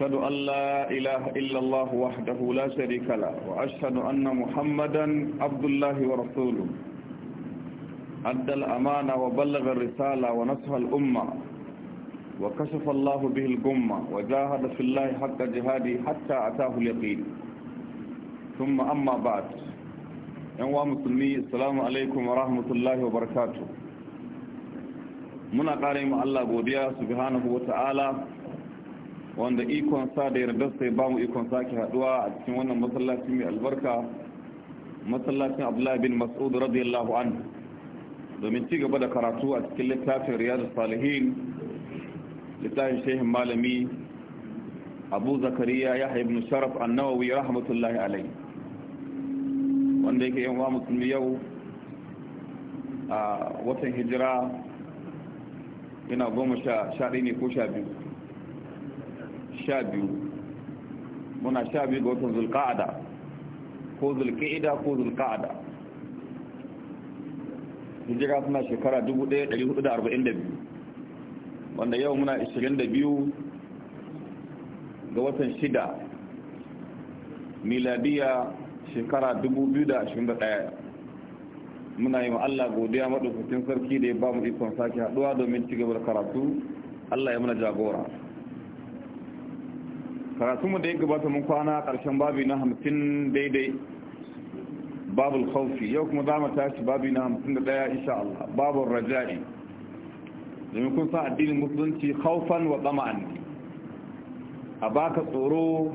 أشهد أن لا إله إلا الله وحده لا شريك له وأشهد أن محمدا عبد الله ورسوله أدى الأمانة وبلغ الرسالة ونصح الأمة وكشف الله به الجمة وجاهد في الله حق جهاده حتى أتاه اليقين ثم أما بعد ينوى مسلمي السلام عليكم ورحمة الله وبركاته muna ƙare mu Allah سبحانه وتعالى wanda ikon sa da yarda sai ba mu ikon ke haduwa a cikin wannan masallaci mai albarka masallacin abdullahi bin mas'ud radiyallahu anhu domin ci gaba da karatu a cikin littafin riyadu salihin littafin shehin malami abu zakariya ya haibin sharaf annawawi rahmatullahi alai wanda yake yin wa musulmi yau a watan hijira yana goma sha ko sha biyu sha muna sha biyu ga watan zulka'ada ko zulka'ida ko zulka'ada hijira suna shekara 1442 wanda yau muna 22 ga watan shida miladiya shekara 2021 muna yi Allah godiya maɗaukacin sarki da ya ba mu ikon sake haɗuwa domin ci da karatu Allah ya muna jagora karatunmu da ya gabata mun kwana karshen babi na 50 daidai babul khawfi yau kuma za mu tashi babi na 51 insha Allah babul raja'i domin kun sa addinin musulunci khawfan wa tsama'an a baka tsoro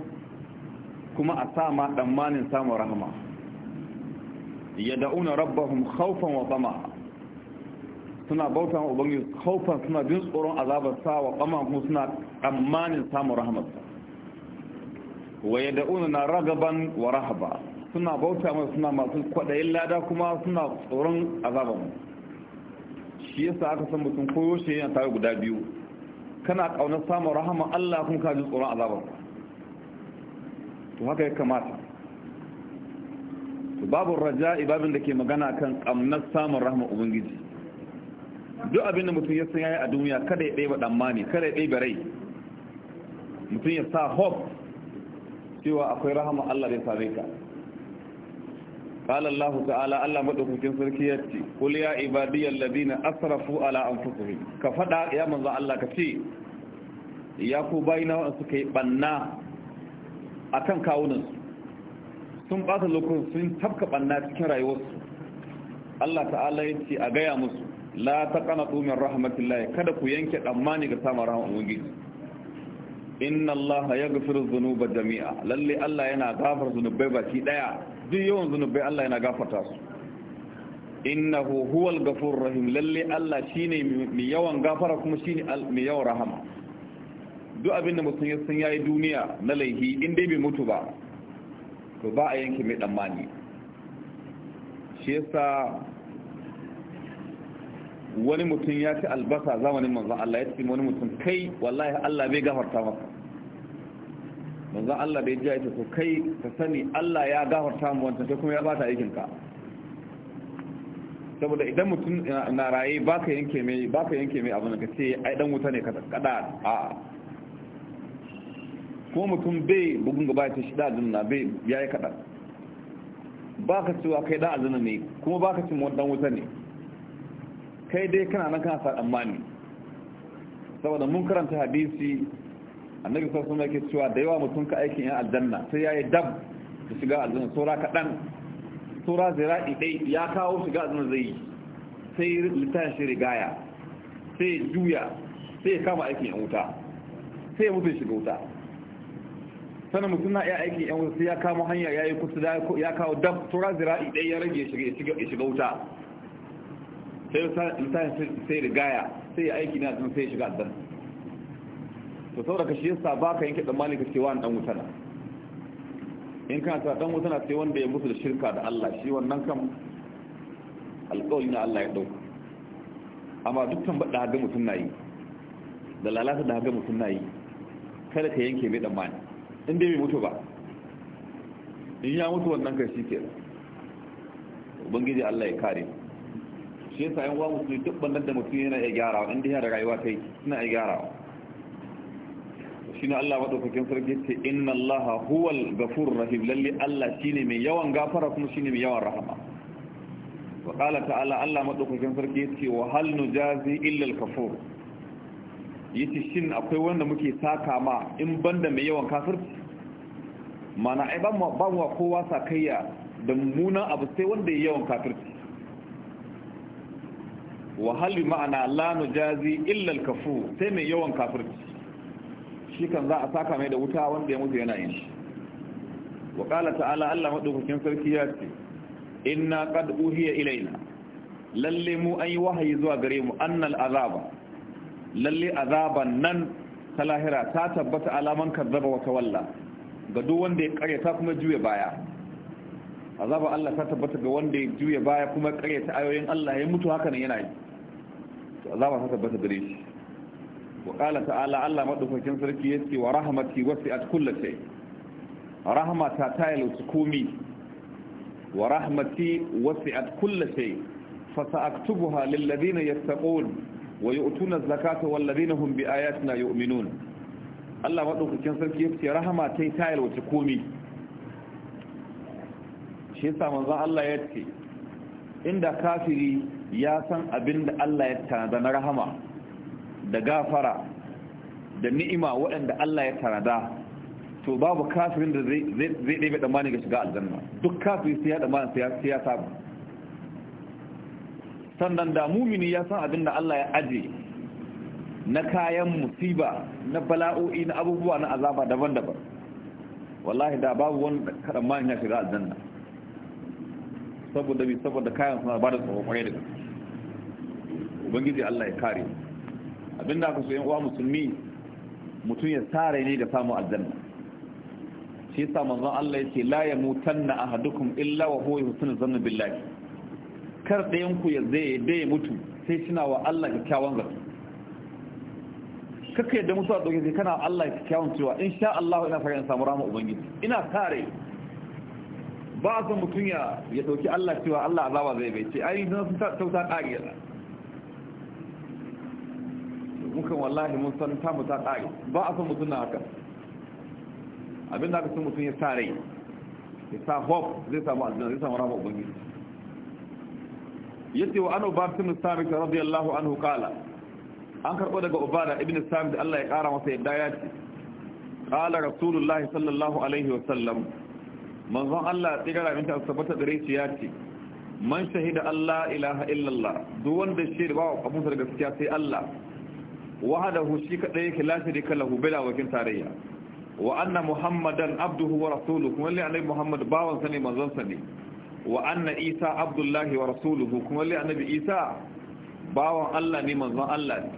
kuma a sa ma tsammanin samu rahama yada'una rabbahum khawfan wa tsama'an suna bautan ubangiji khawfan suna jin tsoron azabar sa wa tsama'an kuma suna tsammanin samu rahama wa na ragaban wa rahaba suna bauta masa suna masu kwaɗayin lada kuma suna tsoron azaban shi yasa aka san mutum koyo shi yana tare guda biyu kana ƙaunar samun rahama Allah kuma ka ji tsoron azaban to haka ya kamata to babu raja ibabin da ke magana kan ƙaunar samun rahama ubangiji duk abin da mutum ya san yayi a duniya kada ya ɗaya ba tsammani kada ya ɗaya rai mutum ya sa hope cewa akwai rahama Allah ya same ka qala Allah ta'ala Allah madaukakin sarki yace qul ya ibadiyal ladina ala anfusihim ka fada ya ce akan kawunan sun bata lokacin banna cikin rayuwarsu Allah ta'ala yace a gaya musu la taqanatu min rahmatillah kada ku yanke tsammani ga samun rahmar ubangiji inna Allah ya yaghfiru dhunuba jami'a lalle Allah yana gafar zunubai baki daya duk yawan zunubai Allah yana gafarta su innahu huwal ghafurur rahim lalle Allah shine mai yawan gafara kuma shine mai yawan rahama duk abinda mutum ya san yayi duniya na laihi in dai bai mutu ba to ba a yanke mai damani shi yasa wani mutum ya ci albasa zamanin manzon Allah ya ce wani mutum kai wallahi Allah bai gafarta masa manzo Allah bai ji ita ko kai ka sani Allah ya gafarta mu wancan sai kuma ya bata aikin ka saboda idan mutum na raye baka yanke mai baka yanke mai abin ka ce ai dan wuta ne ka kada a ko mutum bai bugun gaba ta shida na bai yayi kada baka cewa kai dan azuna ne kuma baka cin wannan wuta ne kai dai kana nan kana sa amani saboda mun karanta hadisi annabi sallallahu alaihi yake cewa da yawa mutum ka aikin yan aljanna sai yayi dab da shiga aljanna sura kadan sura zira'i dai ya kawo shiga aljanna zai sai litan shi rigaya sai juya sai ya kama aikin yan wuta sai ya mutu shiga wuta sannan mutum na iya aikin yan wuta sai ya kama hanya yayi kusa da ya kawo dab sura zira'i dai ya rage shiga shiga wuta sai litan sai rigaya sai ya aiki na aljanna sai ya shiga aljanna to saboda shi yasa baka yanke tsammanin ka cewa dan wuta na in kana ta dan wuta na sai wanda ya musu da shirka da Allah shi wannan kan alƙawari na Allah ya dauka amma dukkan bada ga mutum na yi da lalata da ga mutum na yi kada ka yanke mai tsammani in dai bai mutu ba in ya mutu wannan kan shi ke ubangiji Allah ya kare shi yasa yan wa musu duk bandan da mutum yana ya gyara in dai ya da rayuwa kai suna ya gyara shi ne Allah maɗaukakin sarki ce inna Allah huwal gafur rahim lalle Allah shi ne mai yawan gafara kuma shi ne mai yawan rahama wa ƙala ta'ala Allah maɗaukakin sarki ce wa hal nujazi illal kafur yace shin akwai wanda muke saka ma in banda mai yawan kafirci mana ai ba mu ba mu kowa sakayya da mummunan abu sai wanda ya yawan kafirci wa hal ma'ana la nujazi illa al-kafur sai mai yawan kafirci shi kan za a saka mai da wuta wanda ya mutu yana yin shi wa qala ta'ala Allah madaukakin sarki ya ce inna qad uhiya ilaina lalle mu an yi wahayi zuwa gare mu annal azaba lalle azaban nan ta lahira ta tabbata alaman kazzaba wa tawalla ga duk wanda ya ta kuma juya baya azaba Allah ta tabbata ga wanda ya juya baya kuma ta ayoyin Allah ya mutu haka nan yana yi azaba ta tabbata gare shi وقال تعالى الله مدفكين سركي يسكي ورحمتي وسعت كل شيء رحمة تايل سكومي ورحمتي وسعت كل شيء فسأكتبها للذين يتقون ويؤتون الزكاة والذين هم بآياتنا يؤمنون الله مدفكين سركي يسكي رحمة تايل سكومي shi yasa manzon Allah ya ce inda kafiri ya san abin da Allah ya tanada na rahama da gafara da ni'ima waɗanda Allah ya tarada to babu kafirin da zai ɗaya mani ga shiga aljanna duk kafirin sai ya mani sai ya sabu sannan da mumini ya san abin da Allah ya aje na kayan musiba na bala'o'i na abubuwa na azaba daban-daban wallahi da babu wani kaɗan mani ya shiga aljanna saboda bi saboda kayan suna ba da tsohon kwarai da gaske ubangiji Allah ya kare mu abinda aka so uwa musulmi mutum ya sare ne da samu aljanna shi yasa manzon Allah ce la ya mutanna ahadukum illa wa huwa yusna zanna billahi kar dayan ku ya zai da ya mutu sai kina wa Allah kyakkyawan zato da musu mutuwa doke sai kana Allah kyawun cewa insha Allah ina fara samu rahama ubangiji ina kare ba zan mutun ya ya dauki Allah cewa Allah azaba zai bai ce ai dan sun tauta kage mukan wallahi mun san tamu ta tsari ba a san mutum na haka da aka san mutum ya sa rai ya sa hope zai samu aljanna zai samu rahama ubangiji Ya ce wa anu babtum sabit radiyallahu anhu qala an karbo daga ubada ibn sabit Allah ya ƙara masa yadda ya ce qala rasulullah sallallahu alaihi wa sallam manzon Allah ya tigara min ta tabbata gare shi ya ce man shahida Allah ilaha illallah duk wanda shi da ba abu gaskiya sai Allah wahadahu shi kadai yake la sharika lahu bila wakin tarayya wa anna muhammadan abduhu wa rasuluhu kuma lalle annabi muhammad bawan sani ne manzon sa wa anna isa abdullahi wa rasuluhu kuma lalle annabi isa bawan Allah ne manzon Allah ne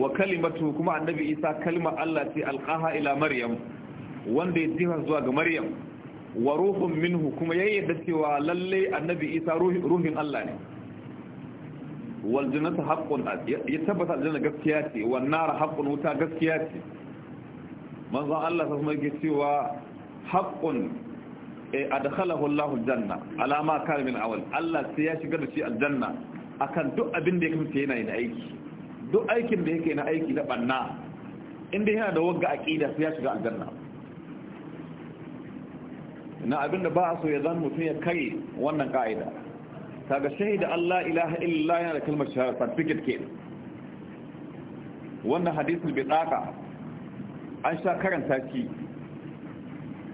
wa kalimatu kuma annabi isa kalmar Allah ce alqaha ila maryam wanda ya jiha zuwa ga maryam wa ruhun minhu kuma yayyada cewa lalle annabi isa ruhin Allah ne wal jannatu haqqun ya tabbata aljanna gaskiya ce wan nar haqqun wuta gaskiya ce manzon Allah kuma yake cewa haqqun adkhalahu Allah aljanna ala ma kana min awal Allah sai ya shiga da shi aljanna akan duk abin da ya kamata yana yin aiki duk aikin da yake na aiki na banna inda yana da wagga aqida sai ya shiga aljanna na abinda ba a so ya zan mutum ya kai wannan ka'ida kaga shahida Allah ilaha illallah yana da kalmar shahada certificate ke wannan hadisul bidaka an sha karanta shi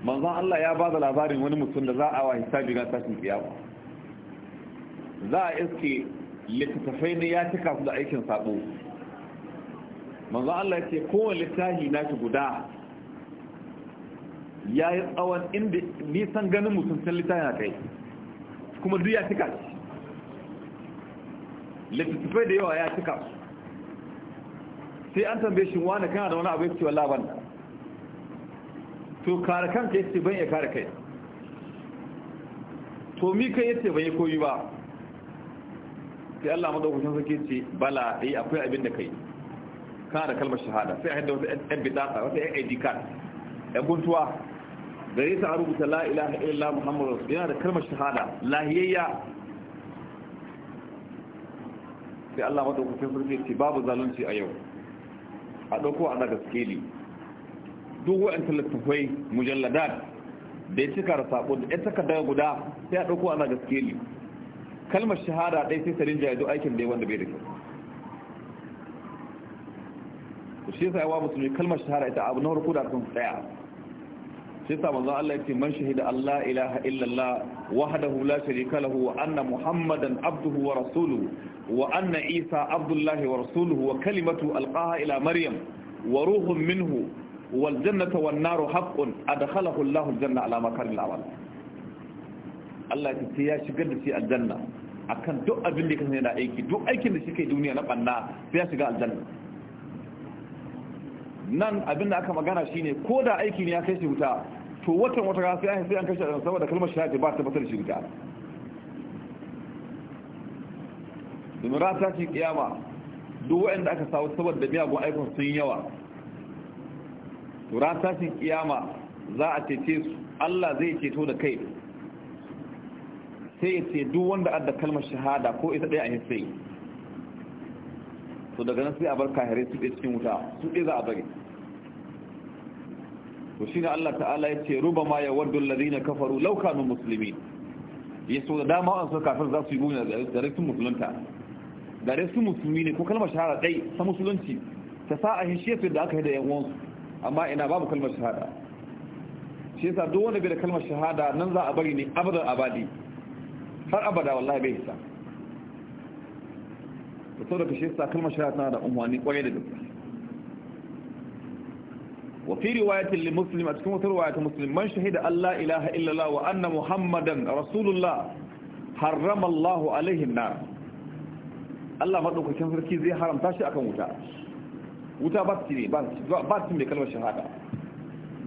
manzon Allah ya ba da labarin wani mutum da za a wa hisabi ga tashin kiyama za a iske littattafai ne ya cika su da aikin sabo manzon Allah ya ce kowane littafi na shi guda ya yi tsawon inda nisan ganin mutum sun littafi na kai kuma duk ya cika shi littattafai da yawa ya cika sai an tambaye shi wani kana da wani abu ya ce to kare kanka ya ce ban ya kare kai to mi kai ya ce ban ya koyi ba sai Allah madaukakin sake ce bala eh akwai abin da kai kana da kalmar shahada sai a yadda wata yan bidaka wata yan ID card yan guntuwa gare ta rubuta la ilaha illallah muhammadur yana da kalmar shahada lahiyayya sai Allah kusa sarki ce babu zalunci a yau a ɗauko a daga skeli duk wayanta littafai mujalladar da ya cika da sako da ya saka daga guda sai a ɗauko a daga skeli kalmar shahada ɗai sai sarin jayo aikin da wanda bai da kyau to shi yasa yawa musulmi kalmar shahada ita abu na farko da sun tsaya sai sa manzon Allah yake man shahida Allah ilaha illallah wahdahu la sharika lahu wa anna muhammadan abduhu wa rasuluhu wa anna isa abdullahi wa rasuluhu wa kalimatu alqaha ila maryam wa ruhun minhu wal jannatu wan naru haqqun adkhalahu Allahu aljanna ala makaril awal Allah ya ce ya shigar da shi aljanna akan duk abin da kake yana aiki duk aikin da shike duniya na banna sai ya shiga aljanna nan abin da aka magana shine ko da aiki ne ya kai shi wuta to watan wata rana ya an sai an kashe ran saboda kalmar shahada ba ta batar shi domin ran ta ce kiyama duk waɗanda aka sawo saboda miyagun aikon sun yawa to tashin ce kiyama za a cece su Allah zai ceto da kai sai ya ce duk wanda adda kalmar shahada ko ita ɗaya a yi sai to daga nan sai a bar kahirai su ɗaya cikin wuta su ɗaya za a bari to shine Allah ta'ala ya ce rubama ya waddu alladhina kafaru law kanu muslimin yaso da dama an so kafin za su yi gona da rikin musulunta da rikin musulmi ne ko kalmar shahada dai ta musulunci ta sa a hishiyatu da aka yi da yan uwansu amma ina babu kalmar shahada shi yasa duk wanda bai da kalmar shahada nan za a bari ne abadan abadi har abada wallahi bai hisa to saboda shi yasa kalmar shahada tana da umwani kwaye da gaske wa fi riwayatin li a cikin wata riwaya ta muslim man shahida Allah ilaha illallah wa anna muhammadan rasulullah harrama Allah Allah madaukakin sarki zai haramta shi akan wuta wuta ba su ba su mai kalmar shahada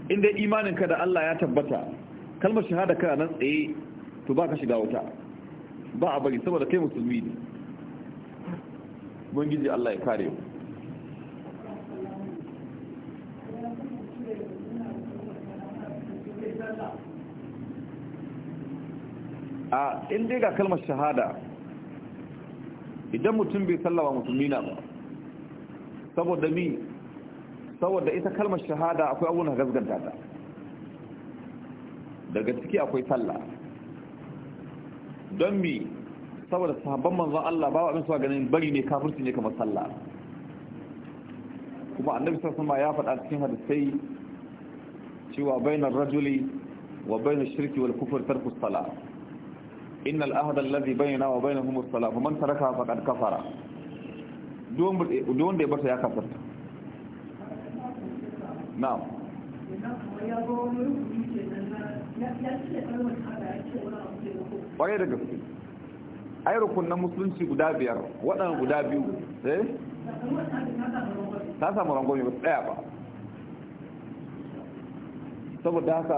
inda imanin ka da Allah ya tabbata kalmar shahada kana nan tsaye to ba ka shiga wuta ba a bari saboda kai musulmi ne ubangiji Allah ya kare mu a inda ga kalmar shahada idan mutum bai sallama musulmina na ba saboda mi saboda ita kalmar shahada akwai abun da gasganta ta daga ciki akwai sallah don mi saboda sahabban manzo Allah ba wa abin suwa ganin bari ne kafirci ne kamar sallah kuma annabi sallallahu ya faɗa cikin hadisi cewa bainar rajuli wa bainar shirki wal kufr tarku salat innal ahda allazi bainana wa bainahum as-salam man taraka faqad kafara don don da ya bata ya kafarta na'am kwarai da gaske ai rukunan musulunci guda biyar waɗanda guda biyu eh ta samu rangwame ba ba saboda haka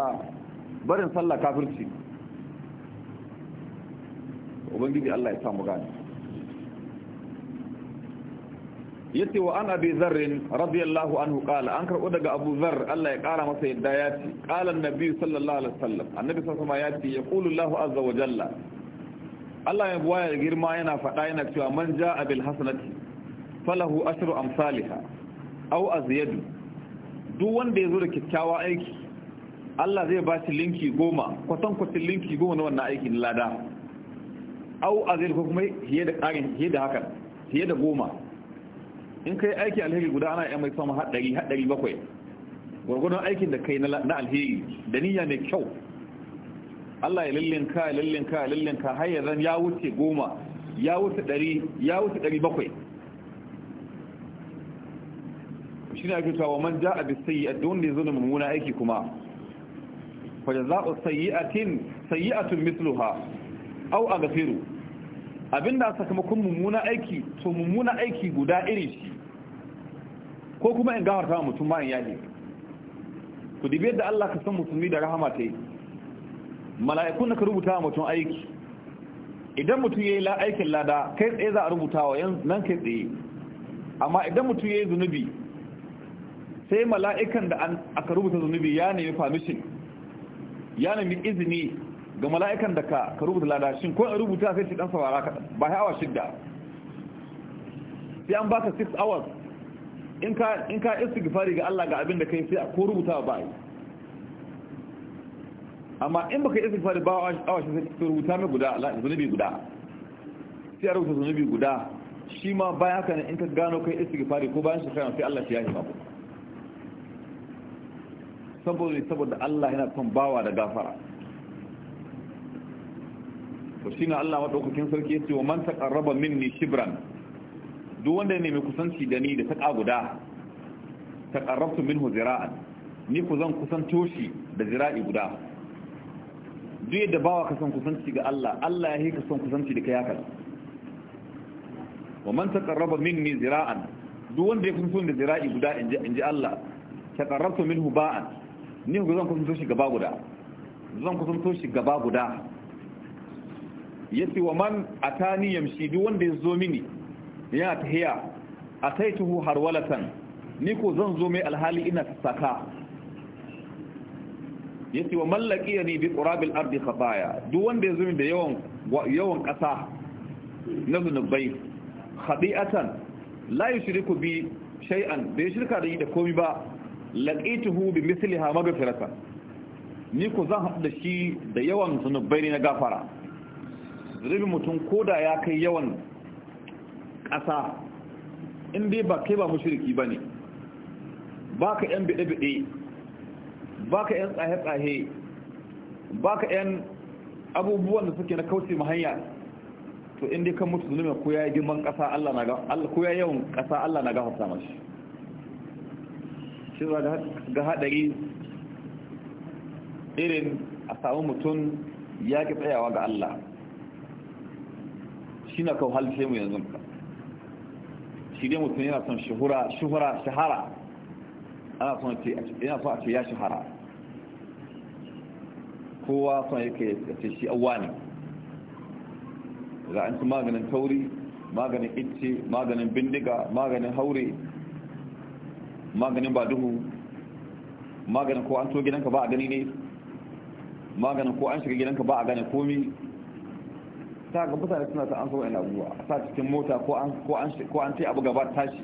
barin sallah kafirci ubangiji Allah ya samu gani yace wa an abi zarr radiyallahu anhu qala an karbo daga abu zarr Allah ya kara masa yadda ya ce qala annabi sallallahu alaihi wasallam annabi sallallahu alaihi wasallam ya yaqulu Allah azza wa jalla Allah ya buwaya girma yana faɗa yana cewa man ja'a bil hasanati falahu ashru amsalha aw azyad duk wanda yazo da kyakkyawa aiki Allah zai ba shi linki goma kwatankwacin linki goma na wannan aikin lada au azil ko kuma fiye da karin fiye da haka fiye da goma in kai aiki alheri guda ana yan mai sama haɗari haɗari bakwai gwargwadon aikin da kai na alheri da niyya mai kyau Allah ya lullinka ya lullinka ya lullinka har ya zan ya wuce goma ya wuce ɗari ya wuce ɗari bakwai shi ne ake cewa man ja a bisayi a don da ya zo da mummuna aiki kuma fa sayi a tun misluha au a gafiru abinda sakamakon mummuna aiki to mummuna aiki guda iri shi ko kuma in ta mutum bayan yaji ku dibe da Allah ka san mutumi da rahama ta yi mala'ikun da ka rubuta mutum aiki idan mutum ya yi aikin lada kai tsaye za a rubuta wa nan kai tsaye amma idan mutum ya yi zunubi sai mala'ikan da aka rubuta zunubi ya nemi permission ya nemi izini ga mala'ikan da ka ka rubuta lada,shin ko in rubuta sai shi dan saurara ka ba ya awa shidda sai an baka 6 hours in ka isi gifari ga Allah ga abin da yi sai ko rubuta ba yi amma in baka gifari ba awa shi sai rubuta mai guda zunubi guda sai rubuta zunubi guda shi ma ya ka in ka gano kai gifari ko bayan shekara sai Allah ya yi maka saboda saboda Allah yana son bawa da gafara to shi na Allah maɗaukakin sarki ya ce wa man min minni shibran duk wanda ya nemi kusanci da ni da taƙa guda min minhu zira'an ni ku zan kusanto shi da zira'i guda duk yadda bawa ka son kusanci ga Allah Allah ya hika ka son kusanci da kai hakan wa man taƙarraba minni zira'an duk wanda ya kusanto da zira'i guda in ji Allah taƙarrabtu minhu ba'an ni ku zan kusanto shi gaba guda zan kusanto shi gaba guda yace wa man atani yamshi duk wanda ya zo mini yana tahiya ataituhu harwalatan ni ko zan zo mai alhali ina saka yace wa mallaki ne bi qurabil ardi khataya duk wanda ya zo mini da yawan ƙasa kasa na zunubai khadi'atan la yushriku bi shay'an bai shirka da yi da komi ba tuhu bi misliha maghfiratan ni ko zan haɗu da shi da yawan zunubai ne na gafara zunubin mutum ko da ya kai yawan ƙasa in dai ba kai ba mushriki ba ne ba ka ‘yan biɗe-biɗe ba ka ‘yan tsaye-tsaye ba ka ‘yan abubuwan da suke na kauce ma hanya to in dai kan mutu zunubin ko ya yi girman ƙasa Allah na yawan ƙasa Allah na gafarta mashi shi ga haɗari irin a samu mutum ya ki tsayawa ga Allah shi na kawo halishe mu yanzu shi dai mutum yana son shuhura shuhura shahara ana son a ce ya shahara kowa son yake ce shi awa ne za a ci maganin tauri maganin itce maganin bindiga maganin haure maganin baduhu, maganin ko an to gidanka ba a gani ne maganin ko an shiga gidanka ba a gane komi ta ga mutane suna ta an so ina abubuwa a sa cikin mota ko an ce abu gaba tashi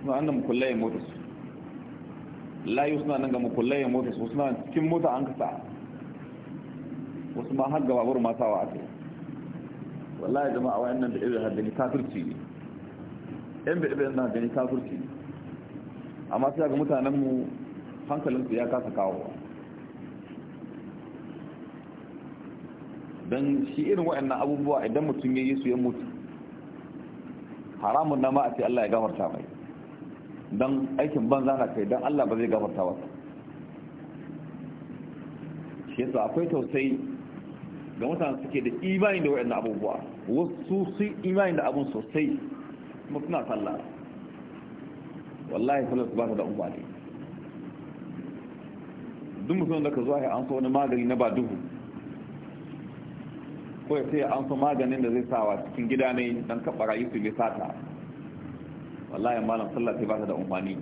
suna annan mukullaye mota su layu suna nan ga mukullaye mota su suna cikin mota an kasa wasu ma har gaba gurin masawa a kai wallahi jama'a nan da irin haddani kafirci ne yan bi irin haddani kafirci ne amma sai ga mutanenmu hankalinsu hankalin su ya kasa kawowa don shi irin waɗannan abubuwa idan mutum ya yi su ya mutu haramun na ma Allah ya gafarta mai don aikin banza na kai don Allah ba zai gafarta wata shi yasa akwai tausayi ga mutane suke da imani da waɗannan abubuwa wasu su imani da abun sosai kuma suna sallah wallahi sallah su ba ta da umfani duk mutum da ka zo ya an so wani magani na ba duhu ko ya sai an su maganin da zai sawa cikin gida ne dan kaɓa rayu su bi sata wallahi malam sallah sai ba ta da umarni,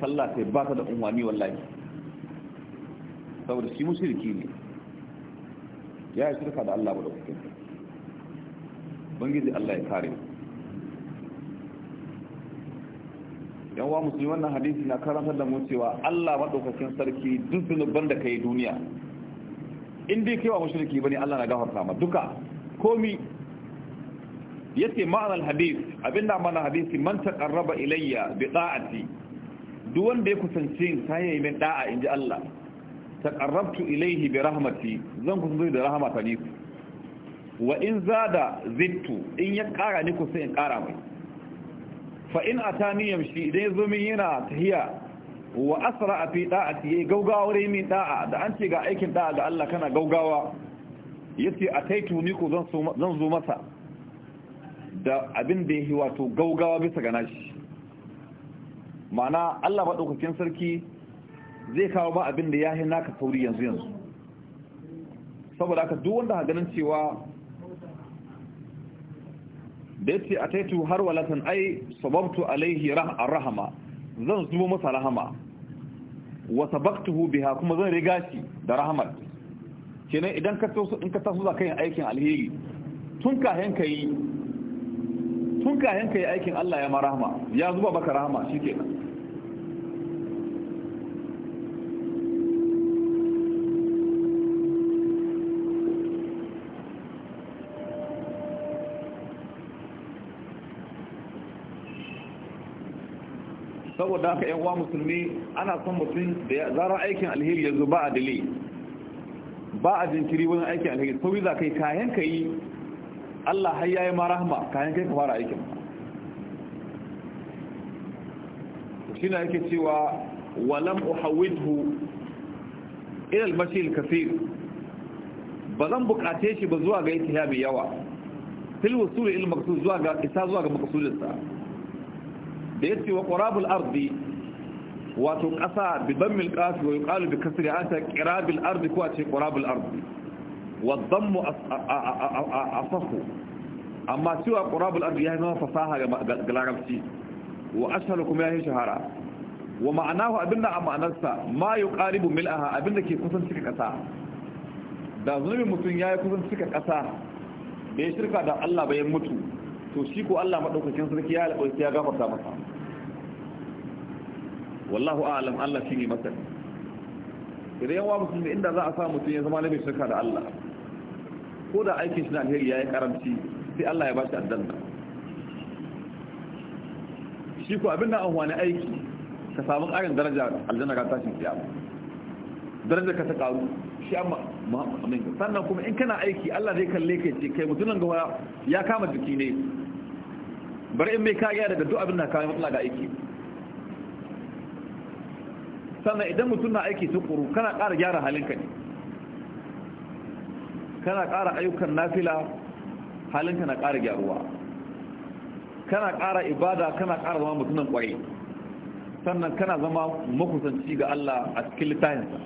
sallah sai ba ta da umarni wallahi saboda shi musulki ne ya yi shirka da Allah ba da kuke bangiji Allah ya kare yan wa musulmi wannan hadisi na karantar da mu cewa Allah madaukakin sarki duk zunuban da kai duniya in dai kewa mushriki bane Allah na gafarta ma duka komi yace ma'anar hadith abinda mana hadisi man taqarraba ilayya bi da'ati duk wanda ya kusance sai yayi min da'a inji Allah taqarrabtu ilayhi bi rahmati zan kusance da rahmata ni wa in zada zittu in ya kara ni kusa in kara mai fa in atani yamshi idan zo min yana tahiya wa asra fi da'ati yayi gaugawa wurin min da'a da an ce ga aikin da'a ga Allah kana gaugawa yace taitu ni ko zan zan zo masa da abin da yake wato gaugawa bisa ga nashi ma'ana Allah ba daukakin sarki zai kawo ba abin da yahi naka sauri yanzu yanzu saboda haka duk wanda ha ganin cewa da yace taitu har walatan ai sababtu alaihi rahma zan zubo masa rahama wa baktuhu biha kuma zan riga shi da rahmat kenan idan ka taso in ka taso za ka yin aikin alheri tun kahin ka yi tun kahin ka yi aikin Allah ya ma rahama ya zuba baka rahama shikenan saboda haka yan uwa musulmi ana son mutum da zarar aikin alheri yanzu ba a dile ba a jinkiri wurin aikin alheri sau za kai kayan ka yi Allah har yayi ma rahma kayan kai ka fara aikin na yake cewa walam uhawidhu ila al-mashi al-kaseer zan bukace shi ba zuwa ga yake yawa fil wusul ila maqsud zuwa ga isa zuwa ga maqsudinsa da yace wa qurabul ardi wato ƙasa bi dammil qaf wa yuqalu bi kasri ata qirabil ardi ko ce qurabul ardi wa dammu asafu amma cewa qurabul ardi yayi zama fasaha ga larabci wa ashhalu kuma yayi shahara wa ma'anahu abinda a ma'anarsa ma yuqaribu mil'aha abinda ke kusan cika ƙasa da zulmi mutum yayi kusan cika ƙasa da shirka da Allah bayan mutu to shi ko Allah madaukakin sarki ya alƙawarci ya gafarta masa wallahu a'lam Allah shine masani idan yawa musulmi inda za a sa mutum ya zama na mai shirka da Allah ko da aikin shi na alheri ya yi karamci sai Allah ya ba shi aljanna shi ko abin da an wani aiki ka samu ƙarin daraja aljanna ga tashin kiyama daraja ka ta karu shi amma muhammadin sannan kuma in kana aiki Allah zai kalle ka ce kai mutumin ga ya kama jiki ne bari in mai kariya daga duk abin da kawai matsala ga aiki sannan idan mutum na aiki tukuru kana ƙara gyara halinka ne kana ƙara ayyukan nafila halinka na ƙara gyaruwa kana ƙara ibada kana ƙara zama mutumin ƙwaye sannan kana zama makusanci ga Allah a cikin littafinsa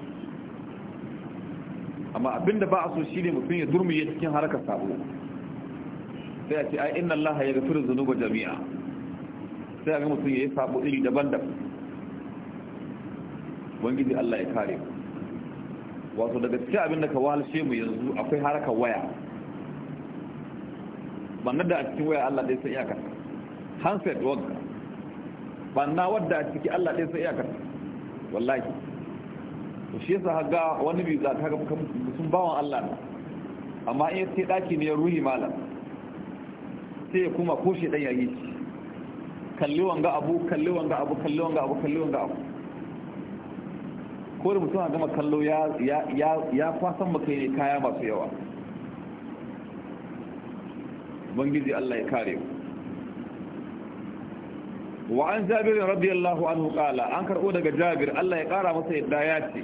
amma abinda ba a so shi ne mutum ya durmiye cikin harkar sabo sai a ce ai inna Allah ya gafiru zunuba jami'a sai a ga mutum ya yi sabo iri daban-daban wangiji Allah ya kare ku. wato daga cikin abin da ka wahalshe mu yanzu akwai harkar waya bannan da a cikin waya Allah dai san iyakar handset wagga banna wadda a ciki Allah dai san iyakar wallahi to shi yasa haga wani bi za ka ga mutum bawan Allah ne amma in sai daki ne ruhi malam sai ya kuma ko shi dan yayi kalli wanga abu kalli wanga abu kalli wanga abu kalli wanga abu ko da mutum a gama kallo ya kwasan maka ne kaya masu yawa ubangiji Allah ya kare wa an jabir radiyallahu anhu qala an karɓo daga jabir Allah ya ƙara masa yadda ya ce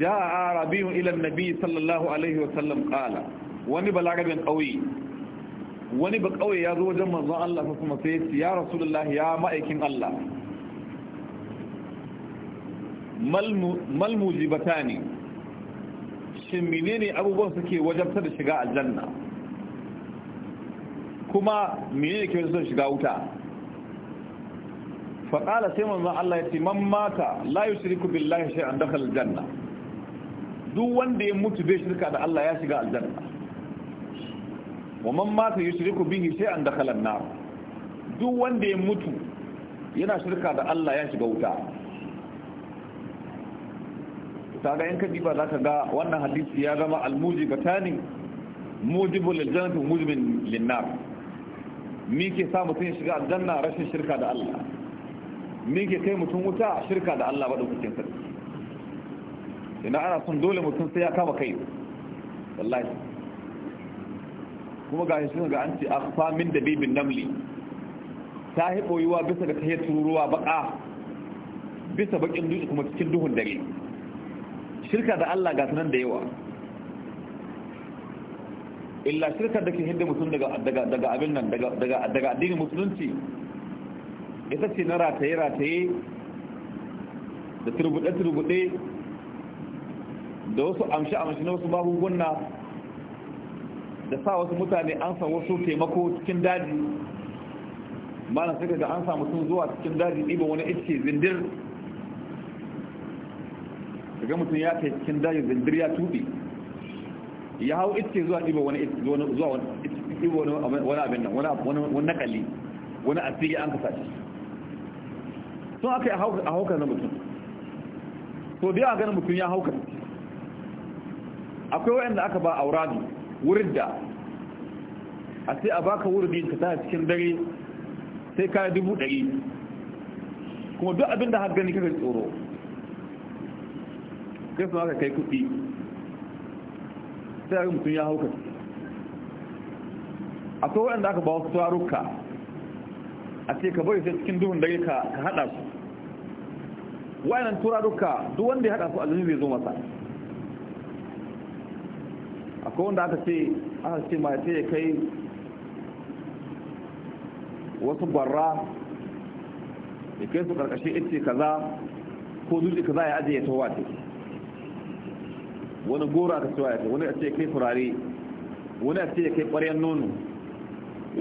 jaa arabiyun ila annabi sallallahu alaihi wa sallam qala wani balagabin kauye wani ba kauye ya zo wajen manzon Allah sai kuma sai ya rasulullah ya ma'aikin Allah ba ta ne shin menene abubuwan suke wajabta da shiga aljanna kuma menene ke wajabta shiga wuta faƙala sai manzan Allah ya ce man mata la yushriku billahi an dakar aljanna duk wanda ya mutu bai shirka da Allah ya shiga aljanna wa man mata yushriku bihi shi shi an aljanna duk wanda ya mutu yana shirka da Allah ya shiga wuta kaga yanka ba za ka ga wannan hadisi ya zama almuji ga tani mujibul aljannati mujibin linnar Mi ke sa mutum ya shiga aljanna rashin shirka da Allah Mi ke kai mutum wuta shirka da Allah madaukakin sarki ina ana son dole mutum sai ya kama kai wallahi kuma ga shi ga an ce akhfa min bibin namli ta hiboyuwa bisa ga yi tururuwa baka bisa bakin dutse kuma cikin duhun dare shirka da Allah ga sunan da yawa illa shirka da ke hidda mutum daga abin nan daga addinin musulunci ita ce na rataye-rataye da turbuɗe-turbuɗe da wasu amshi-amshi na wasu magungunna da sa wasu mutane an samu wasu taimako cikin daji mana suka ga an sa mutum zuwa cikin daji ɗiba wani ice zindir ga mutum ya kai cikin dajin zindir ya tuɓe ya hau iske zuwa ɗiba wani abin nan wani nakali wani asiri an kasa shi sun aka yi a haukar na mutum so da yawa ganin mutum ya haukar akwai wa'anda aka ba auradu wurin da a sai a baka wurin ka ta cikin dare sai kaya dubu ɗari kuma duk abin da har gani kakar tsoro kai sun aka kai kuɗi sai a mutum ya hauka a to waɗanda aka ba wasu taruka a ce ka bari sai cikin duhun dare ka haɗa su waɗannan turaruka duk wanda ya haɗa su aljini zai zo masa a ko wanda aka ce aka ce ma ya kai wasu barra ya kai su ƙarƙashin ita kaza ko dutse kaza ya ajiye ta wace wani goro aka cewa ya wani a ce kai furare wani a ce kai ƙwaryen nono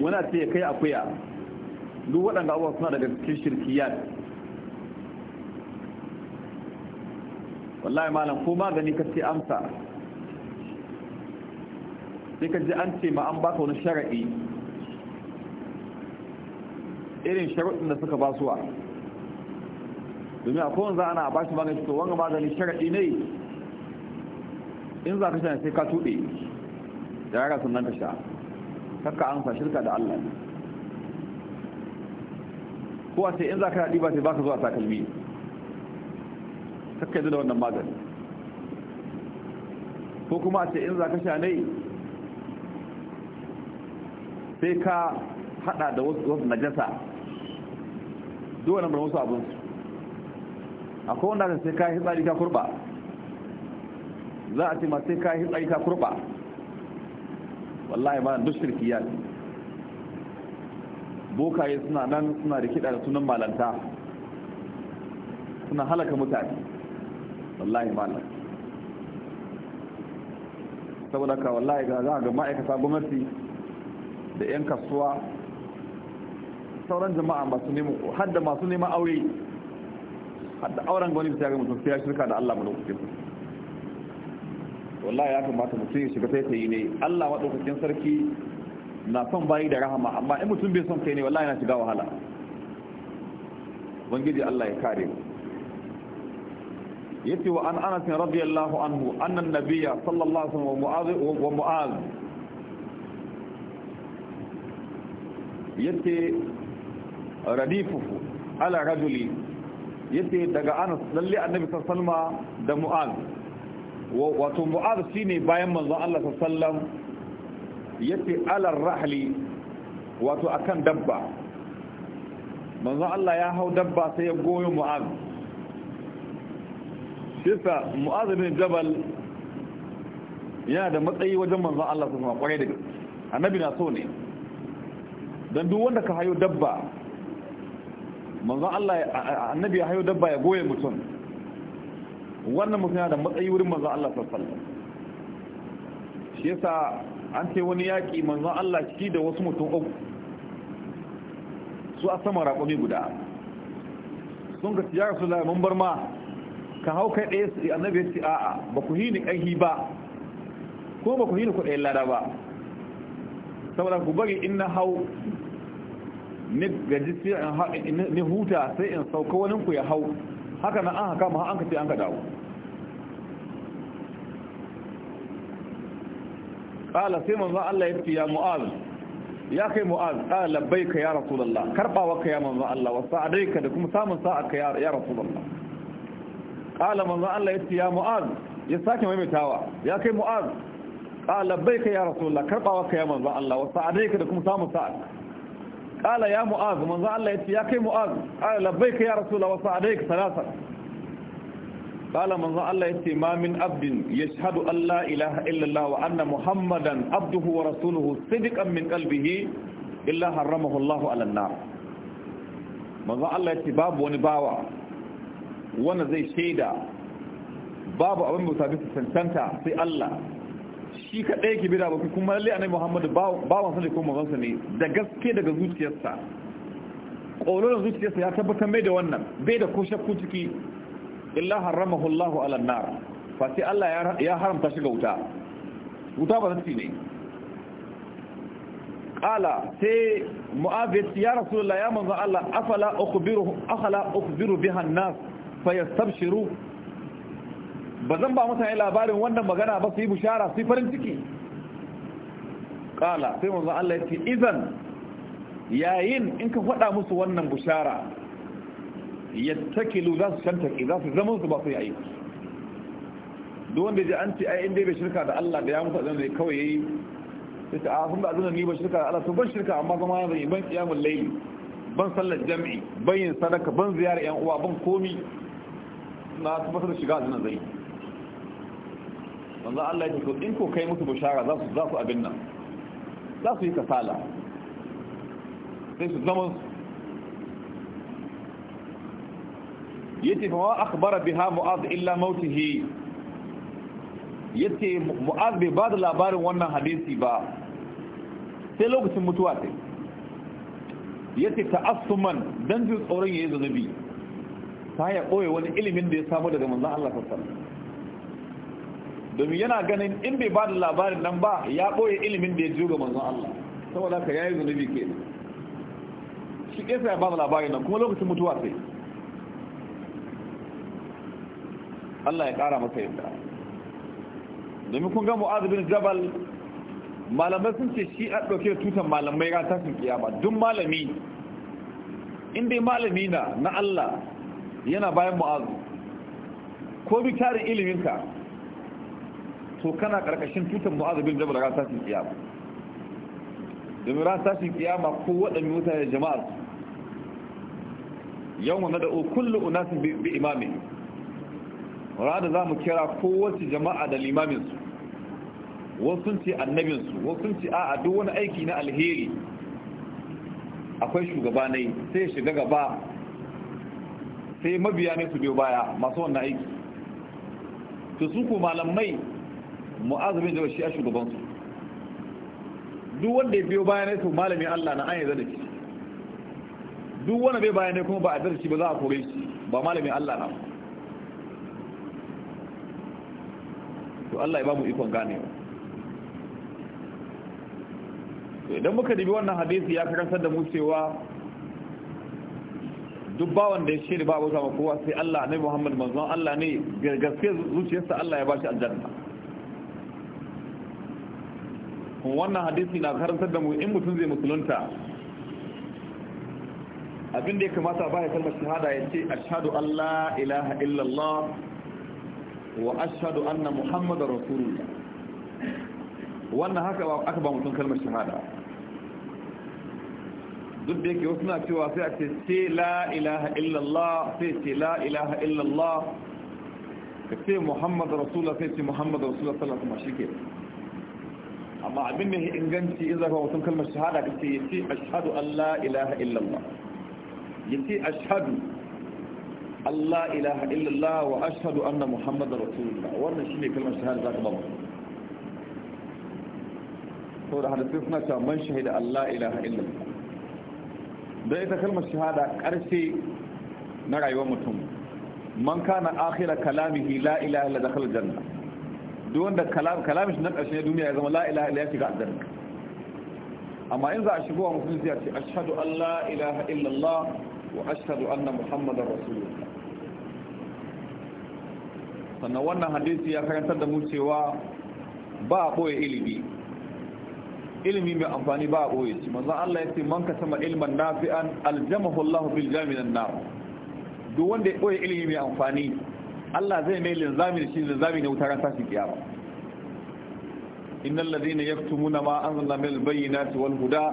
wani a ce kai akuya duk waɗanda abubuwa suna daga cikin shirkiyar wallahi malam ko magani ka ce amsa sai ka ji an ce ma an baka wani shara'i irin sharuɗin da suka basuwa domin a kowane za ana ba shi magani to wanga magani shara'i ne in za ka sha sai ka tuɗe da yara sannan ka sha kakka an sa shirka da Allah ne ko a sai in za ka haɗi ba sai ba ka zuwa takalmi kakka yanzu da wannan magani ko kuma a sai in za ka sha nai sai ka hada da wasu najasa dole na musu abinsu akwai wanda sai ka yi tsari ka kurba za a ce ma sai kayi hitsari ka kurba wallahi ma duk shirki ya ce bokaye suna nan suna da kiɗa da sunan malanta suna halaka mutane wallahi ma nan saboda ka wallahi ga za ga ma'aikata gwamnati da 'yan kasuwa sauran jama'a masu neman hadda masu neman aure hadda auren gwamnati ta ga mutum sai ya shirka da Allah mu wallahi ya kamata mutum ya shiga taitayi ne Allah maɗaukakin sarki na son bayi da rahama amma in mutum bai son kai ne wallahi yana shiga wahala ubangiji Allah ya kare mu yace wa an anas radiyallahu anhu anna an-nabiyya sallallahu alaihi wa mu'az wa mu'az yace radifu ala rajuli yace daga anas lalle annabi sallallahu alaihi sallama da mu'az wato mu'az ne bayan manzon Allah sallallahu yafi alar rahli wato akan dabba manzon Allah ya hau dabba sai ya goyo mu'az shisa mu'az bin jabal yana da matsayi wajen manzon Allah sallallahu kwarai da gaske annabi na so ne dan duk wanda ka hayo dabba manzon Allah annabi ya hayo dabba ya goye mutum wannan mutum yana da matsayi wurin manzo Allah sallallahu alaihi wasallam shi yasa an ce wani yaƙi manzo Allah shi da wasu mutum uku su a sama raƙumi guda sun ga tiyar su lai mun bar ma ka hau kai ɗaya su yi annabi ya ce a'a ba ku hini ƙarfi ba ko ba ku hini ku ɗayan lada ba saboda ku bari in na hau ni gaji sai in huta sai in sauka wani ku ya hau haka na an haka ma an ka ce an ka dawo ƙala sai manzan Allah ya ce ya mu'az ya kai mu'az ƙala labbai ka ya rasulallah karɓawa ka ya manzan Allah wasu a ka da kuma samun sa'a ka ya rasulallah ƙala manzan Allah ya ce ya mu'az ya sake maimaitawa ya kai mu'az ƙala labbai ka ya rasulallah karɓawa ka ya manzan Allah wasu a ka da kuma samun sa'a qala ya mu'az manzo Allah yace ya kai mu'az qala labbaika ya rasulullah wa sa'alaika salasa qala manzo Allah yace ma min abdin yashhadu an la ilaha illa Allah muhammadan abduhu wa rasuluhu sidqan min qalbihi illa haramahu Allah ala an-nar manzo Allah yace babu wani bawa wanda zai shaida babu abin bauta bisa sai Allah shi kaɗai ke bida bakwai kuma lalle annabi muhammadu bawan sani ko mazansa ne da gaske daga zuciyarsa ƙololin zuciyarsa ya tabbatar mai da wannan bai da ko shakku ciki illa haramahu allahu alannar nar sai allah ya haramta shiga wuta wuta ba zanci ne qala sai mu'abit ya rasulullah ya manzan allah afala ukhbiru afala ukhbiru biha an ba zan ba mutane labarin wannan magana ba su yi bushara su farin ciki Ƙala sai manzon Allah ya ce izan yayin in ka faɗa musu wannan bushara yattakilu za su shantaki za su zama su ba su yi aiki duk wanda ji an ce ai inda bai shirka da Allah da ya mutu azan da kawai yi, sai ta a sun da azan ni ba shirka da Allah to ban shirka amma kuma zan yi ban qiyamul laili ban sallar jami'i ban yin sadaka ban ziyarar yan uwa ban komi na tabbatar da shiga azan zai manzo Allah ya to in ko kai musu bushara za su za su abin nan za su yi kasala sai su zama yace fa wa akhbara biha mu'adh illa mautihi yace mu'adh bai ba da labarin wannan hadisi ba sai lokacin mutuwa sai yace ta'assuman dan jin tsoron yayi zanubi ta ya koye wani ilimin da ya samu daga manzon Allah sallallahu alaihi wasallam domin yana ganin in bai ba da labarin nan ba ya ɓoye ilimin da ya jiyo ga manzon Allah saboda ka yayi zunubi ke shi kesa ya ba da labarin nan kuma lokacin mutuwa sai Allah ya ƙara masa yadda domin kun ga mu'azu bin jabal malamai sun ce shi a ɗauke tutan malamai ran tashin kiyama duk malami in dai malami na na Allah yana bayan mu'azu ko bi tarin iliminka to kana karkashin tutan mu'azu bin jabal ran tashin kiyama domin ran sashin kiyama ko waɗanne mutane jama'a su yau mu da kullu unasin bi imami Rada za mu kira kowace jama'a da limamin su wasu sun ce annabin su wasu sun ce a'a duk wani aiki na alheri akwai shugabanai sai shiga gaba sai mabiya ne su biyo baya masu wannan aiki to su ko malamai mu'azu bin jabal shi a shugabansu duk wanda ya biyo bayanai su malamin Allah na ayyaza da shi duk wanda bai bayanai kuma ba a zada shi ba za a kore shi ba malamin Allah na to Allah ya ba mu ikon gane to idan muka dubi wannan hadisi ya karantar da mu cewa duk ba wanda ya shiri ba sama kowa sai Allah ne Muhammad manzon Allah ne gaske zuciyarsa Allah ya bashi aljanna wannan hadisi na karantar da mu in mutum zai musulunta abin da ya kamata ba ya kalmar shahada ya ce ashhadu an la ilaha illallah wa ashhadu anna muhammadar rasulullah wannan haka aka ba mutum kalmar shahada duk da yake wasu na cewa sai a ce ce la ilaha illallah sai ce la ilaha illallah ka ce muhammadar rasulullah sai ce muhammadar rasulullah sallallahu alaihi wasallam ke. amma abin da ya inganci in zaka mutum kalmar shahada kace yace ashhadu an la ilaha illallah yace ashhadu Allah ilaha illallah wa ashhadu anna muhammadar rasulullah wannan shine kalmar shahada zaka ba saboda hadisi suna cewa man shahida Allah ilaha illallah da ita kalmar shahada karshe na rayuwar mutum man kana akhira kalamihi la ilaha illa dakhala jannah duk wanda kalamin na ƙarshe ne duniya ya zama la ilaha illa ga aljanna amma in za a shigo a musulunci a ce shahadu an la ilaha illallah wa ashhadu annan muhammadar rasulun sannan wannan hadisi ya karantar da mu cewa ba a ɓoye ilimi ilimi mai amfani ba a ɓoye shi manzan Allah ya ce man ka sama ilman nafi'an aljamahullahu Allah bil jami'an na. duk wanda ya ɓoye ilimi mai amfani Allah zai mai linzami da shi linzami na wutar tashin kiyama innal ladina yaktumuna ma anzalna min albayyinati wal huda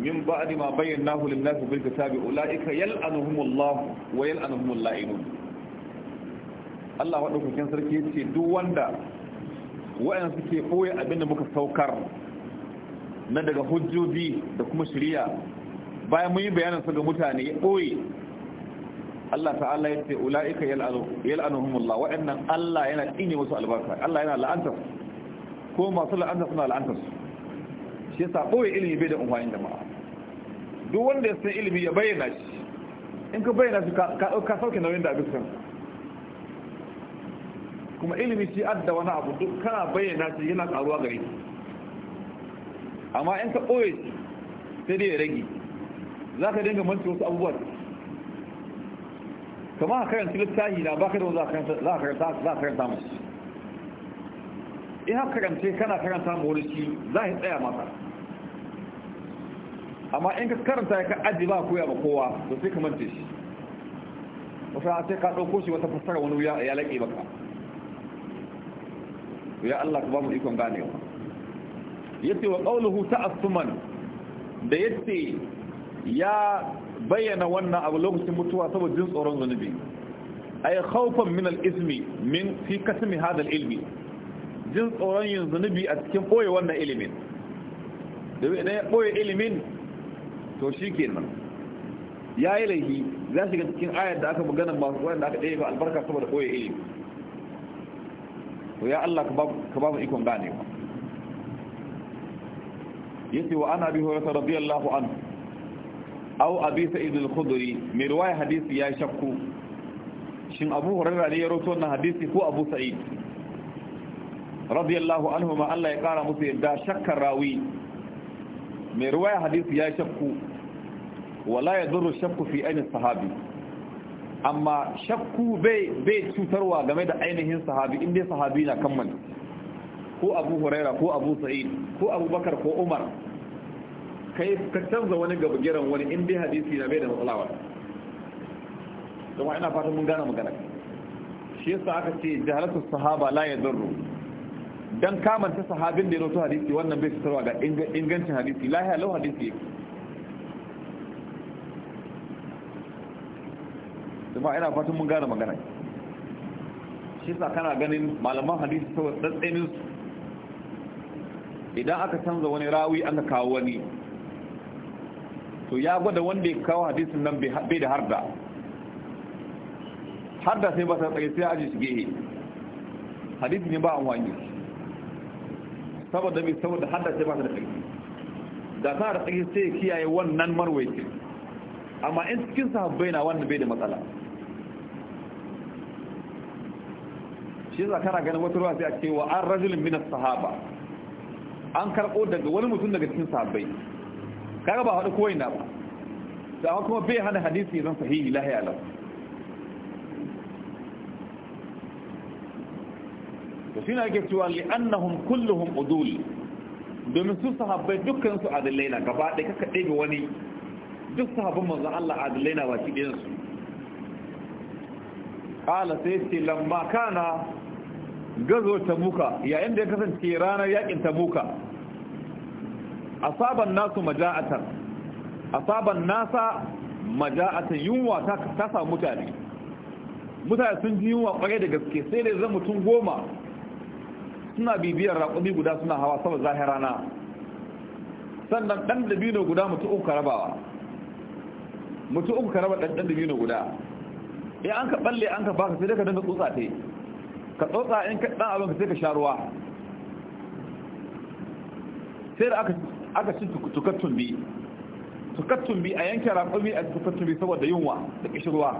min ba'di ma bayyanahu lin nasi bil kitabi ulaika yal'anuhumullah wa yal'anuhumul la'inun Allah wadaukakin sarki yace duk wanda wa'an suke abin abinda muka saukar na daga hujjoji da kuma shari'a bayan mun yi bayanin sa ga mutane ya koyi Allah ta'ala ya ce ula'ika yal'anuhumullah wa'annan Allah yana tsine musu albarka Allah yana la'antar ko masu la'antar suna la'antar su shi yasa boye ilimi bai da umfanin jama'a duk wanda ya san ilimi ya bayyana shi in ka bayyana shi ka ka sauke nauyin da abin kan kuma ilimi shi adda wani abu duk kana bayyana shi yana karuwa gare shi amma in ka boye shi sai dai ya rage za ka dinga manci wasu abubuwa kamar a karanta littahi na ka da za a karanta masu in haka karanta kana karanta ma wani shi za a tsaya mata amma in ka karanta ya ka aji ba koya ba kowa da sai ka mance shi wasu a sai ka ɗauko shi wata fassara wani wuya ya laƙe baka ya Allah ka ba mu ikon ganewa ya ce wa qawluhu ta'assuman da ya ce ya bayyana wannan abu lokacin mutuwa saboda jin tsoron zunubi ay khawfan min al-ismi min fi kasmi hada al-ilmi jin tsoron yin zunubi a cikin boye wannan ilimin da idan ya boye ilimin to shikenan ya laifi za shiga cikin ayar da aka magana masu da aka dai ba albarka saboda boye ilimi to ya Allah ka ba mu ikon ganewa yace wa ana bi hurairah radiyallahu anhu au abi sa'id al-khudri mai riwaya hadisi ya shakku shin abu hurairah ne ya rawaito wannan hadisi ko abu sa'id radiyallahu anhu ma Allah ya kara musu yadda shakkar rawi mai riwaya hadisi ya shakku wala ya zurru shakku fi ainihin sahabi amma shakku bai cutarwa game da ainihin sahabi inda sahabi na kammala ko abu huraira ko abu sa'id ko abubakar ko umar kai ka canza wani gaba geron wani in bi hadisi na bai da matsalawa don ina fatan mun gane magana shi yasa aka ce jahalatu sahaba la yadurru dan kamanta sahabin da ya rawaito hadisi wannan bai fitarwa ga ingancin hadisi la ya hadisi yake kuma ina fatan mun gane magana shi yasa kana ganin malaman hadisi saboda tsatsenin idan aka canza wani rawi aka kawo wani to ya gwada wanda ya kawo hadisin nan bai da harda harda sai ba ta tsaye sai aji shi gehe hadisi ne ba an wani saboda mai saboda harda sai ba ta da tsaye da ta da tsaye sai kiyaye wannan marwaiki amma in cikin sahabbai na wanda bai da matsala shi za kana ganin wata ruwa sai a cewa wa an rajulun minas sahaba an karɓo daga wani mutum daga cikin sahabbai kaga ba hadu koyi na ba da amma kuma bai hana hadisi zan sahihi lahi alam to shi na ake cewa li annahum kulluhum udul domin su sahabbai dukkan su adalai gaba ɗaya kaka ɗaya wani duk sahabban manzon Allah adalai na baki ɗayan su qala sai ce lamma kana gazo tabuka yayin da ya kasance ranar yakin tabuka asaban nasu maja'atan asaban nasa maja'atan yunwa ta samu mutane mutane sun ji yunwa kwarai da gaske sai dai zan mutum goma suna bibiyar raƙumi guda suna hawa saboda zahira na sannan ɗan dabino guda mutu uku karabawa mutu uku karaba ɗan ɗan dabino guda ya an ka ɓalle an ka baka sai dai ka dinga tsotsa te ka tsotsa in ka ɗan abin ka sai ka sha ruwa sai da aka aka ci tukattun bi tukattun bi a yanke raƙumi a tukattun bi saboda yunwa da ƙishirwa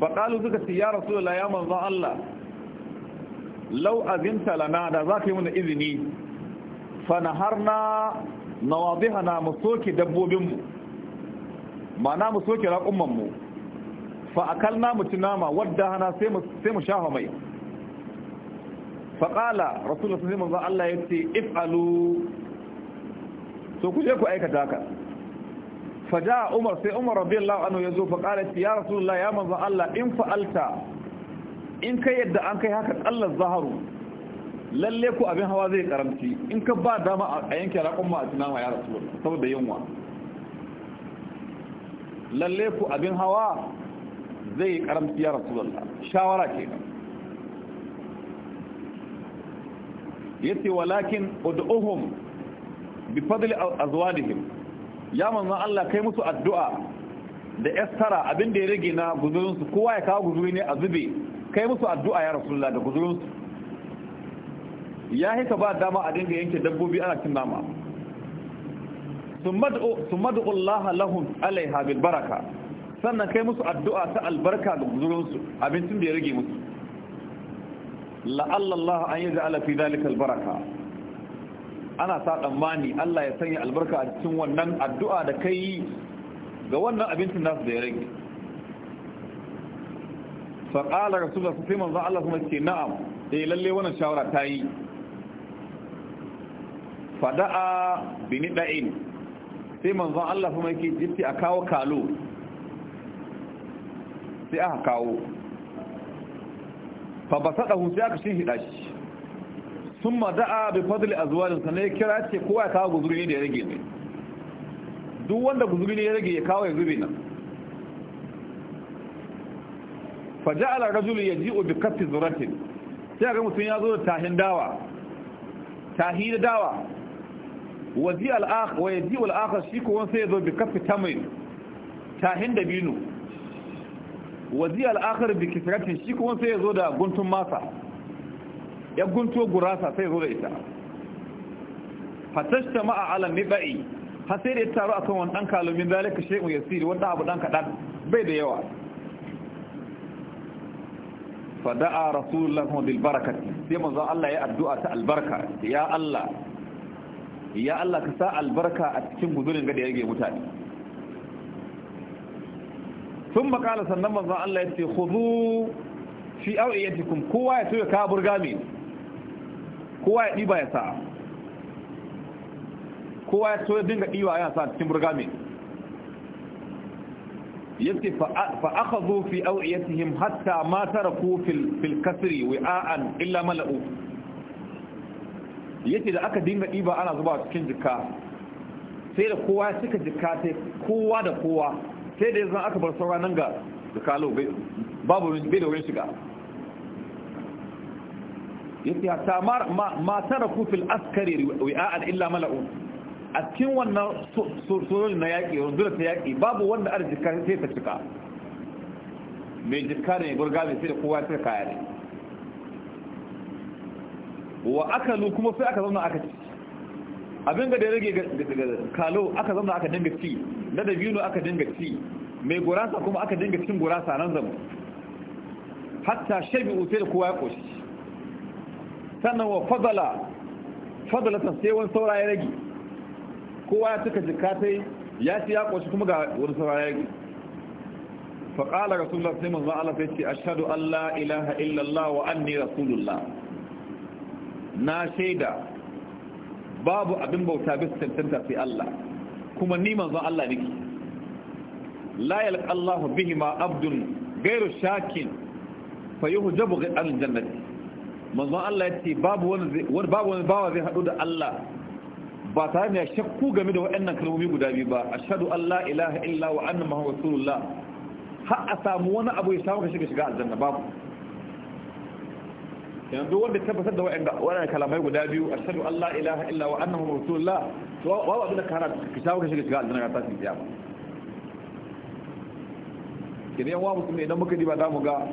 faƙalu suka ce ya rasu da ya zan Allah lau azinta lana da za ka yi mana izini fanaharna na waziha na mu soke dabbobinmu ma na mu soke raƙumanmu fa'akal na mu ci nama wadda hana sai mu shafa mai faƙala rasulun sun zama Allah ya ce if'alu so ku je ku aikata ka faja umar sai umar radiyallahu anhu ya zo faƙala ce ya rasulullah ya manzo Allah in fa'alta in kai yadda an kai haka tsallar zaharu lalle ku abin hawa zai karamci in ka ba dama a yanke raƙon ma a tunama ya rasulullah saboda yunwa lalle ku abin hawa zai karamci ya rasulullah shawara kenan yace walakin ud'uhum bi fadli azwajihim ya manzo Allah kai musu addu'a da 'yastara abin da ya rage na guzurun su kowa ya kawo guzuri ne a zube kai musu addu'a ya rasulullah da guzurun su ya hika ba dama a dinga yanke dabbobi ana cin nama sumadu Allah lahum alaiha bil baraka sannan kai musu addu'a ta albarka da guzurun su abincin da ya rage musu la'alla Allah an yaj'ala fi dhalika albaraka ana sa tsammani Allah ya sanya albarka a cikin wannan addu'a da kai ga wannan abincin nasu da ya rage fa qala rasulullah sai manzo Allah kuma ce na'am eh lalle wannan shawara ta yi fada'a bi nida'in sai manzo Allah kuma yake jitti a kawo kalo sai aka kawo fa basadahu sai aka shi hida shi ma da'a bai fadli a na ya kira ce kowa ya kawo guzuri ne da ya rage ne duk wanda guzuri ne ya rage ya kawo ya zube nan fa ja'ala rajulu ji obi kafin zuratin sai a ga mutum ya zo da tahin dawa tahi da dawa wa yaji'u al shi ko sai ya zo bi kafin tamrin tahin binu wazi al'akar bi kisratin shi kuma sai ya zo da guntun masa ya gunto gurasa sai ya zo da ita fatashta alam ni ba'i, ha sai da ya taru akan wani ɗan kalumin zalika shekun yasiri wanda abu ɗan kaɗan bai da yawa fada'a rasulullah kuma bil barakati sai manzon Allah ya addu'a ta albarka ya Allah ya Allah ka sa albarka a cikin guzurin ga ya yake mutane sun makala sannan manzan Allah ya ce hudu fi au'iyatikum kowa ya soya ka burgami kowa ya ɗiba ya sa kowa ya soya dinga ɗiba ya sa cikin burgami ce fa zo fi aw'iyatihim hatta ma taraku fil fil kasri wi'an illa mala'u ce da aka dinga ɗiba ana zuba cikin jika, sai da kowa suka jika sai kowa da kowa sai da yanzu aka bar saura nan ga kalo babu bai da wurin shiga Ya fi hata ma da fil askari wi'a'an illa mala'u a cikin wannan tsoron na yaƙi da ta yaƙi babu wanda jikar sai ta cika mai jikka ne gurga mai sai da kowa sai kaya ne wa aka lu kuma sai aka zauna aka ci abin ga da ya rage kalo aka zama aka dinga ci na da biyu aka dinga ci mai gurasa kuma aka dinga cin gurasa nan zama hatta shabi utai da kowa ya koshi sannan wa fadala fadala ta sai wani saura ya rage kowa ya suka jika sai ya ci ya koshi kuma ga wani saura ya rage faƙala rasulullah sai manzan Allah sai ce ashadu Allah ilaha illallah wa anni rasulullah na shaida babu abin bauta bisa tantanta sai Allah kuma ni manzon Allah nake la yalqa Allahu ma abdun gairu shakin hujjabu ga an jannati manzon Allah yace babu wani babu wani bawa zai hadu da Allah ba tare da shakku game da waɗannan kalmomi guda biyu ba a an Allah ilaha illa wa anna muhammadur rasulullah har a samu wani abu ya samu ka shiga shiga aljanna babu yanzu wanda tabbatar da wa'anda wannan kalamai guda biyu a an Allah ilaha illa wa annahu rasulullah to wa wa abinda kana ka shawo ka shiga shiga aljanna ta sin kiyama kene wa mutum idan muka diba za mu ga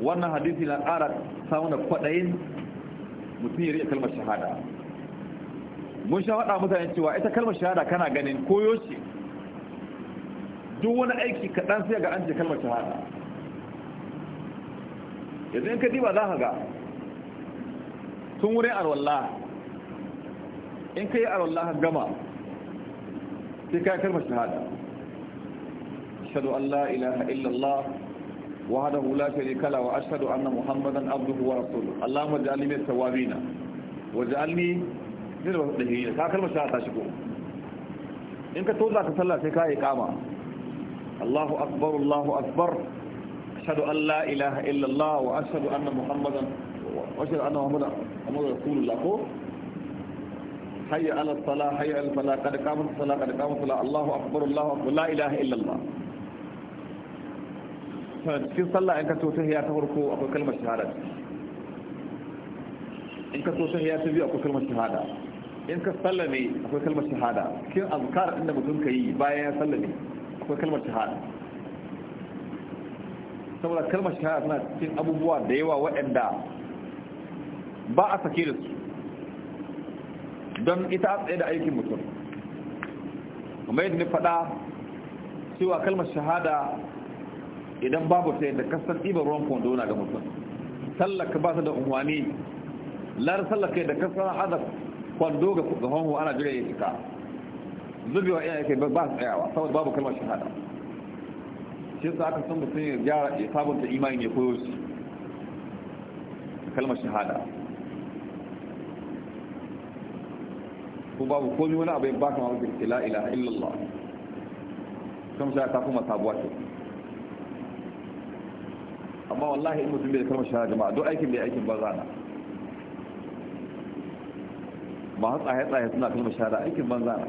wannan hadisi na ƙara samun kwadayin mutum ya riƙe kalmar shahada mun sha faɗa mutane cewa ita kalmar shahada kana ganin koyo ce duk wani aiki kaɗan sai ga an ce kalmar shahada yanzu in ka diba za ka ga tun wurin arwallah in ka yi arwallah gama sai ka karfa shahada ashhadu an ilaha illallah وحده لا شريك له واشهد ان محمدا عبده ورسوله اللهم اجعلني من التوابين واجعلني من المتطهرين ka kalma shahada shigo in ka toza ka sallah sai ka iqama Allahu akbar Allahu akbar أشهد أن لا إله إلا الله وأشهد أن محمدا وأشهد أن محمدا محمد رسول الله حي على الصلاة حي على الفلاة قد قامت الصلاة قد قامت الصلاة الله أكبر الله أكبر لا إله إلا الله ka so ta hiya akwai kalmar shahada in ka so ta hiya akwai kalmar shahada in ka sallame akwai mutum ka yi ya akwai shahada saboda kalmar shahada suna cikin abubuwa da yawa waɗanda ba a sake da su don ita a tsaye da aikin mutum kuma yadda ni faɗa cewa kalmar shahada idan babu ta yadda kasar ɗiban ruwan kwando na ga mutum sallaka ba su da unwani lar sallaka yadda kasar haɗa kwando ga hongo ana jira ya cika zubewa ina yake ba su tsayawa saboda babu kalmar shahada shi za ka san mutum ya gyara ya sabunta imani ya koyo shi kalmar shahada ko babu komi wani abu ya baka mamaki la ilaha illallah kan shi ta kuma sabuwa ce amma wallahi in mutum bai kalmar shahada jama'a duk aikin bai aikin banza na masu tsaye-tsaye suna kalmar shahada aikin banza na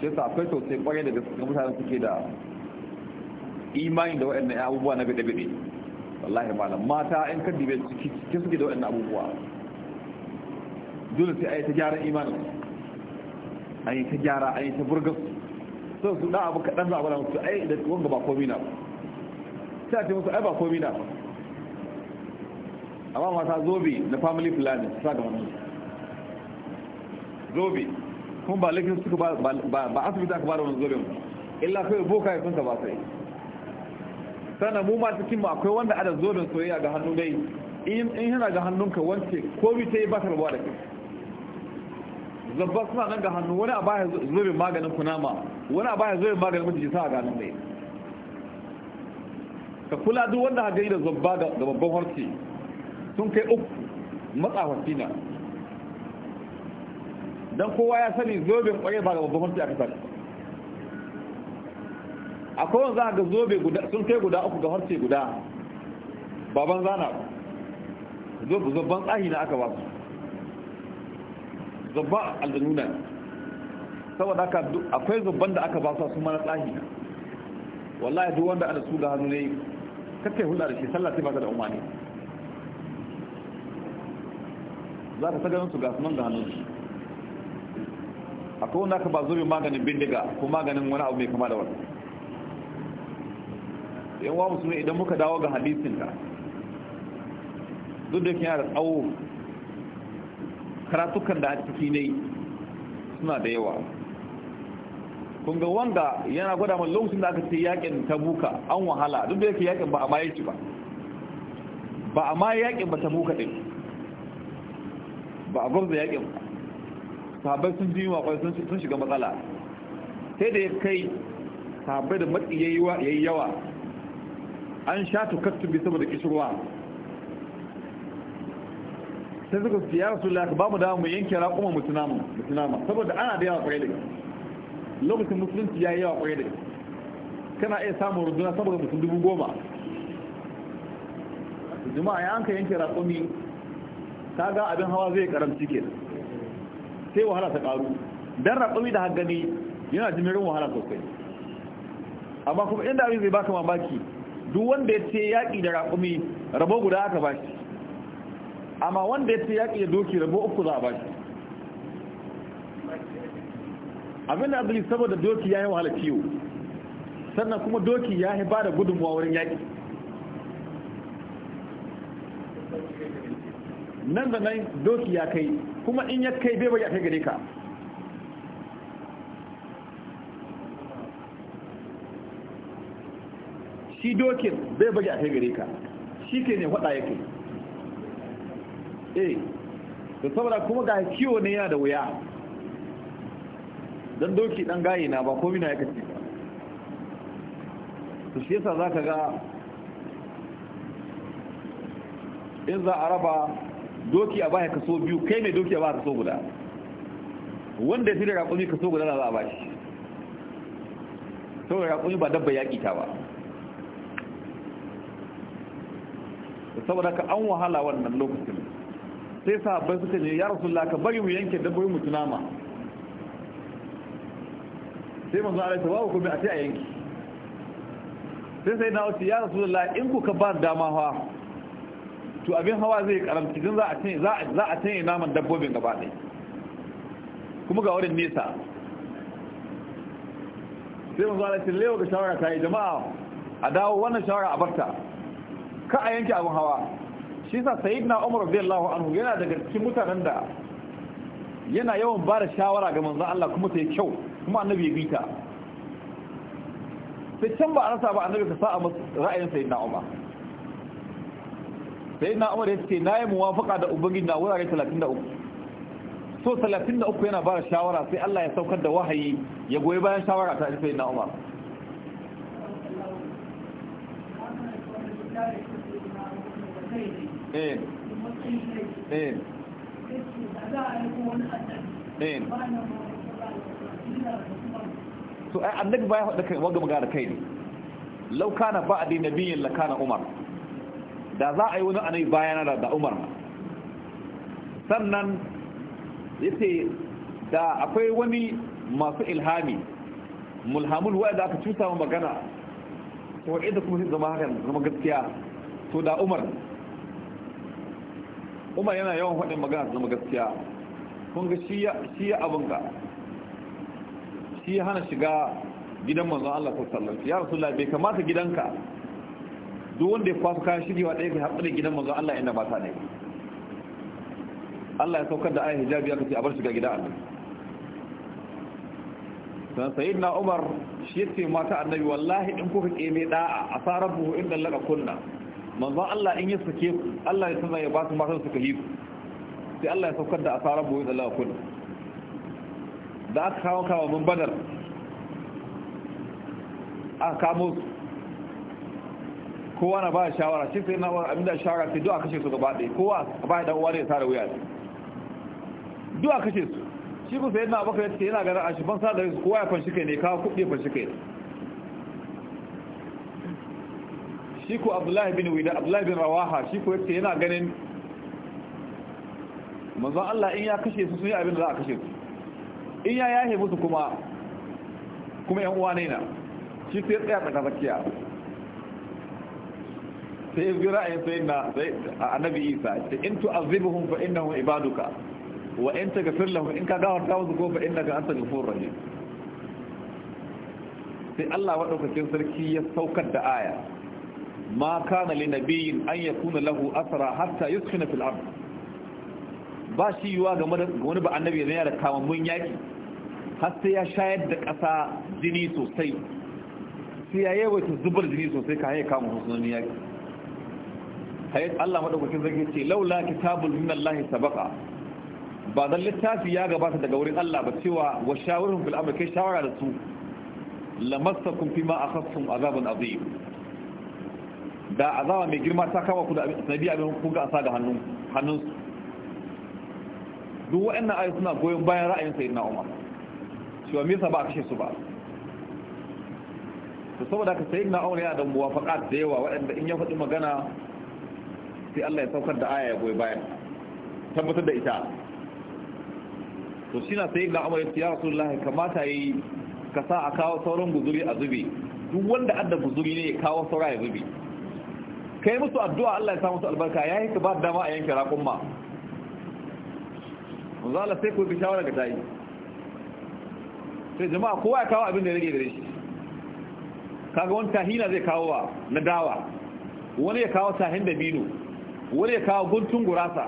shi yasa akwai sosai kwarai da gaske mutanen suke da imani da wa'annan abubuwa na bide bide wallahi malam mata in kan dibe ciki suke da wa'annan abubuwa dole sai a yi ta gyaran imanin a yi ta gyara a yi ta burgar su su da abu kaɗan za a musu ai da wanga ba komi na sai a ce musu ai ba komi na amma mata zobe na family planning sa ga wani zobe kuma ba laifin suka ba asibiti aka bada wani zobin illa kai boka ya kunta ba sai sannan mu ma cikin akwai wanda ada zobin soyayya ga hannu dai in yana ga hannunka wance komi ta yi ba karbuwa da kai zabba suna nan ga hannu wani a baya zobe maganin kunama wani a baya zobin maganin mutu jisa a ganin dai ka kula duk wanda ha gani da zabba ga babban harci sun kai uku matsafafi na don kowa ya sani zobe kwaye ba ga babban mafi a sani a kowane za a ga zobe sun kai guda uku ga harshe guda baban zana zobe zobban tsahi na aka ba su zabba aljanuna saboda haka akwai zobban da aka ba su sun mana tsahi na wallahi duk wanda ana su da hannu ne kakai hulɗa da shi sallah sai ba ta da umarni za ka sagarin su ga nan da hannun su akwai na aka ba zubin maganin bindiga ko maganin wani abu mai kama da wani yan wa musulmi idan muka dawo ga hadisin ka duk da kiyar da tsawo karatukan da a ciki ne suna da yawa kun ga wanda yana gwada mai lokacin da aka ce yakin buka an wahala duk da yake yakin ba a maye ci ba ba a maye yakin ba buka din ba a gwamza yakin ba sahabbai sun ji yunwa sun shiga matsala sai da ya kai sahabbai da matsi ya yi yawa an sha tukattubi saboda kishirwa sai suka siya rasu laka ba mu dawa mu yanke raƙuma mutunama saboda ana da yawa kwaidai lokacin musulunci ya yi yawa kwaidai kana iya samun runduna saboda mutum dubu goma juma'a ya an ka yanke raƙumi ta ga abin hawa zai karamci kenan sai wahala ta karu dan raƙumi da haggani yana jimirin wahala sosai amma kuma inda abin zai baka mamaki duk wanda ya ce yaƙi da raƙumi rabo guda aka bashi amma wanda ya ce yaƙi da doki rabo uku za a bashi abin da abin saboda doki ya yi wahala ciwo sannan kuma doki ya yi ba da gudunmuwa wurin yaƙi nan da nan doki ya kai kuma in ya kai bai bai gare ka shi dokin bai bai kai gare ka shi ke ne faɗa yake eh da saboda kuma ga kiwo ne yana da wuya don doki ɗan gaye na ba komina ya kace ba su shi yasa za ka ga in za a raba doki a baya kaso biyu kai mai doki a baya kaso guda wanda ya fi da raƙumi kaso guda za a ba shi saboda raƙumi ba dabba yaƙi ta ba saboda ka an wahala wannan lokacin sai sahabbai suka ne ya rasu ka bari mu yanke dabbai mu tunama sai masu alaita ya tawawo kuma a sai a yanki sai sai na wuce ya laka in kuka ba dama to abin hawa zai karamci don za a canye naman dabbobin gaba ɗai kuma ga wurin nesa sai mun zuwa cikin lewa ga shawara ta yi jama'a a dawo wannan shawara a barta ka a yanke abin hawa shi sa sayid na umar radiyallahu anhu yana daga cikin mutanen da yana yawan ba da shawara ga manzan Allah kuma ta yi kyau kuma annabi ya bita sai can ba a rasa ba annabi ka sa a ra'ayin sayid na umar sai na umar ya ce na yi muwafaka da ubangiji na wurare 33 so 33 yana ba da shawara sai Allah ya saukar da wahayi ya goyi bayan shawara ta sai na umar so eh. eh. eh. ai annabi ba ya faɗa kai wanga magana kai ne law kana ba'di nabiyyin lakana umar da za a yi wani anai bayana da umar sannan ya ce da akwai wani masu ilhami mulhamul da aka cuta wa magana ta waɗe da kuma zama hakan zama gaskiya to da umar umar yana yawan faɗin magana zama gaskiya kun ga shi ya abin ga shi ya hana shiga gidan manzon Allah ko sallar shi ya rasu labe kamata gidanka duk wanda ya kwafa kayan wa ɗaya ga hatsarin gidan manzo Allah yana ba ta ne Allah ya saukar da ayi hijabi aka ce a bar shiga gida Allah san na Umar shi ya ce mata annabi wallahi in kuka keme da'a buhu inda laka kunna manzo Allah in ya sake ku Allah ya sanar ya ba su matan suka hiku sai Allah ya saukar da a buhu inda laka kunna da aka kawo kawo mun badar aka kamo su kowa na ba shawara shi sai na abin da shawara sai a kashe su gaba ɗaya kowa a ba da uwa ne ya tare wuya a kashe su shi ku sai na abakar yadda yana ganin a shifan sa da su kowa ya fanshi kai ne kawo kuɗi fanshi kai shi ku abdullahi bin wida abdullahi bin rawaha shi ku yadda yana ganin manzon Allah in ya kashe su sun yi abin da za a kashe su in ya yahe musu kuma kuma yan uwa ne na shi sai tsaya tsaka sai ta yi ra'ayin sai na annabi isa ce in tu tu'azzibuhum fa innahum ibaduka wa in ta taghfir lahum in ka gawar gafarta musu ko fa innaka antal ghafurur rahim sai Allah waɗaukacin sarki ya saukar da aya ma kana li nabiyin an ya kuna lahu asara hatta yuskhina fil ard ba shi yuwa game da wani ba annabi yana da kamammun yaki har sai ya shayar da ƙasa jini sosai sai ya yawaita zubar jini sosai ka hanyar kama husnoni yaki hayat Allah madaukakin zai ce laula kitabul min Allah sabaqa ba dan littafi ya gabata daga wurin Allah ba cewa wa shawirhum fil amri kai shawara da su lamassakum fima akhadtum azabun azim da azaba mai girma ta kama ku da nabi abin ku ga asa da hannun hannun duk waɗannan ayoyi suna goyon bayan ra'ayin sayyidina Umar cewa me yasa ba a kashe su ba to saboda ka sayyidina Umar yana da muwafaqat da yawa waɗanda in ya faɗi magana sai Allah ya saukar da aya ya goyi baya tabbatar da ita to shi na sai ga amurka ya rasulullahi kamata yi ka sa a kawo sauran guzuri a zube duk wanda adda guzuri ne ya kawo saura ya zube kai musu addu'a Allah ya sa musu albarka ya yi ka ba dama a yanke rakun ma sai ku bi shawara ga tayi sai jama'a kowa ya kawo abin da ya rage gare shi kaga wani tahina zai kawo wa na dawa wani ya kawo tahin da bino wani ya kawo guntun gurasa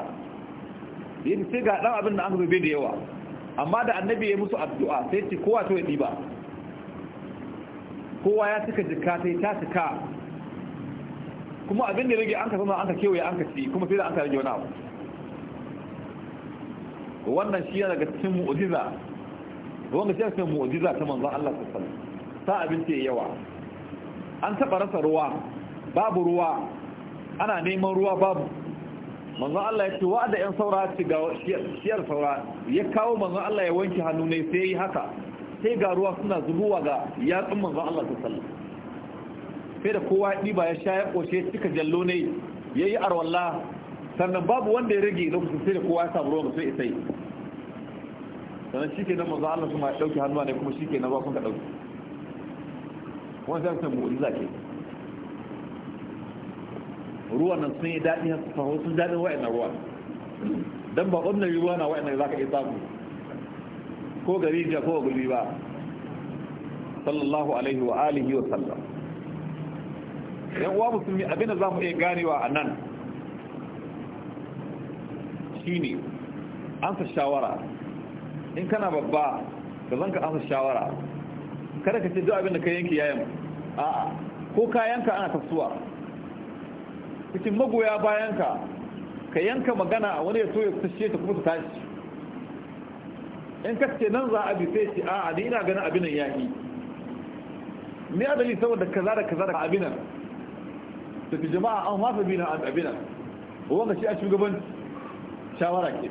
ya sai ga ɗan abin da an zube da yawa amma da annabi ya musu addu'a sai ce kowa to ya ɗiba kowa ya cika jika sai ta cika kuma abin da rage an ka zama an ka kewaye an ka ci kuma sai da an ka rage wani abu wannan shi yana daga cikin mu'ujiza wanda shi cikin mu'ujiza ta manzon Allah sassan, sa wasallam sa abinci yawa an taɓa rasa ruwa babu ruwa ana neman ruwa babu manzo Allah ya ce wa da yan saura ci ga shiyar saura ya kawo manzo Allah ya wanke hannu ne sai yi haka sai ga ruwa suna zubowa ga yatsun manzo Allah ta sallah sai da kowa ya ba ya sha ya koshe cika jallo ne yayi arwalla sannan babu wanda ya rage lokacin sai da kowa ya samu ruwa sai isai sannan shi ke nan manzo Allah kuma ya dauki hannuwa ne kuma shi ke nan ba kun ka dauki wannan sai mu'jiza ke ruwan nan sun yi daɗi na saho sun daɗin na ruwa don ba yi ruwa na wa'in na za ka iya samu ko gari ga ko gulbi ba sallallahu alaihi wa alihi wa sallam yan uwa musulmi abin da za mu iya ganewa a nan ne, an sa shawara in kana babba da zanka an sa shawara kada ka ce duk abin da ka yanki yayan a'a ko kayanka ana kasuwa cikin magoya bayanka ka yanka magana a wani ya so ya tashe ta kuma ta tashi in ka ce nan za a bi sai ce a ni ina ganin abinan yaƙi ne a dalilin saboda kaza da kaza da abinan da fi jama'a an wasa bi na abinan wanda shi a shugaban shawara ke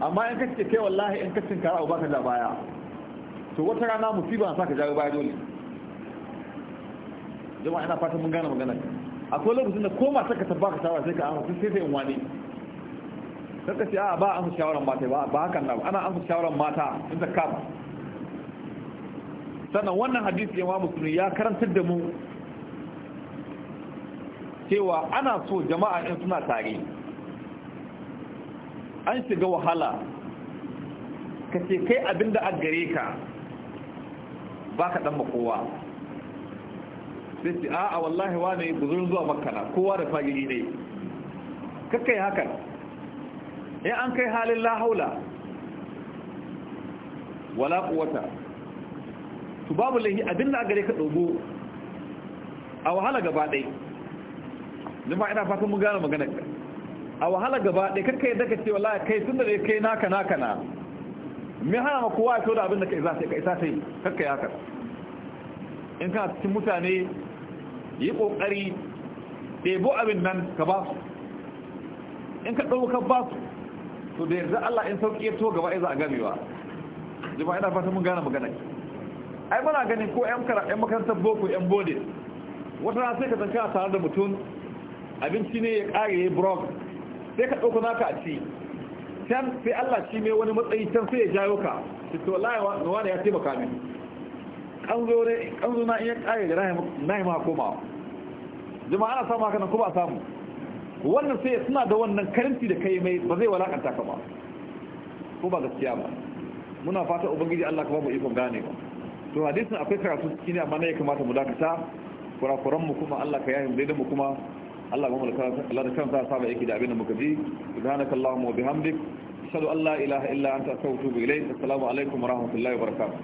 amma in ka ce kai wallahi in ka kara abu baka da baya to wata rana musiba na sa ka jawo baya dole jama'a ina fatan mun gane magana akwai lokacin da koma saka ta tabbaka shawara sai ka amsa sai sai in wani ka ce a ba amsa shawaran mata ba ba hakan na ana amsa shawaran mata in ta kama sannan wannan hadisi ya musulmi ya karantar da mu cewa ana so jama'a in suna tare an shiga wahala ka ce kai abinda a gare ka ba ka dan makowa sai ce a'a wallahi wane buzurin zuwa makka kowa da fagili ne kakai hakan ya an kai halin la haula wala kuwata to babu lahi abin da gare ka dogo a wahala gaba dai jama'a ina fatan mun gane maganar ka a wahala gaba dai kakai yadda ka ce wallahi kai tun da kai naka naka na me hana ma kowa ya so da abin da isa sai ka isa sai kakai hakan in kana cikin mutane yi kokari ɗebo abin nan ka ba su in ka ɗauka ba su to da yanzu Allah in sauƙi to gaba za a gamewa jama'a ina fata mun gane magana ai muna ganin ko ƴan kara ƴan makarantar boko ƴan bode wata na sai ka zanka a tare da mutum abinci ne ya ƙare ya brog sai ka ɗauka naka a ci can sai Allah shi mai wani matsayi can sai ya jayo ka shi to wallahi wani ya taimaka min kanzo na iya ya ƙare da ma. komawa jama'a ana samu haka nan ko ba samu wannan sai suna da wannan karinci da kai mai ba zai walakanta ka ba ko ba gaskiya ba muna fata ubangiji Allah ka mu ikon gane ba to hadisin akwai karatu cikin amma ne kamata mu dakata kurakuran mu kuma Allah ka yahi mu daidai mu kuma Allah ba mu da Allah da kansa saba yake da abin da muka ji subhanakallahumma wa bihamdik ashhadu an la ilaha illa anta astaghfiruka wa atubu ilayk assalamu alaikum wa rahmatullahi wa barakatuh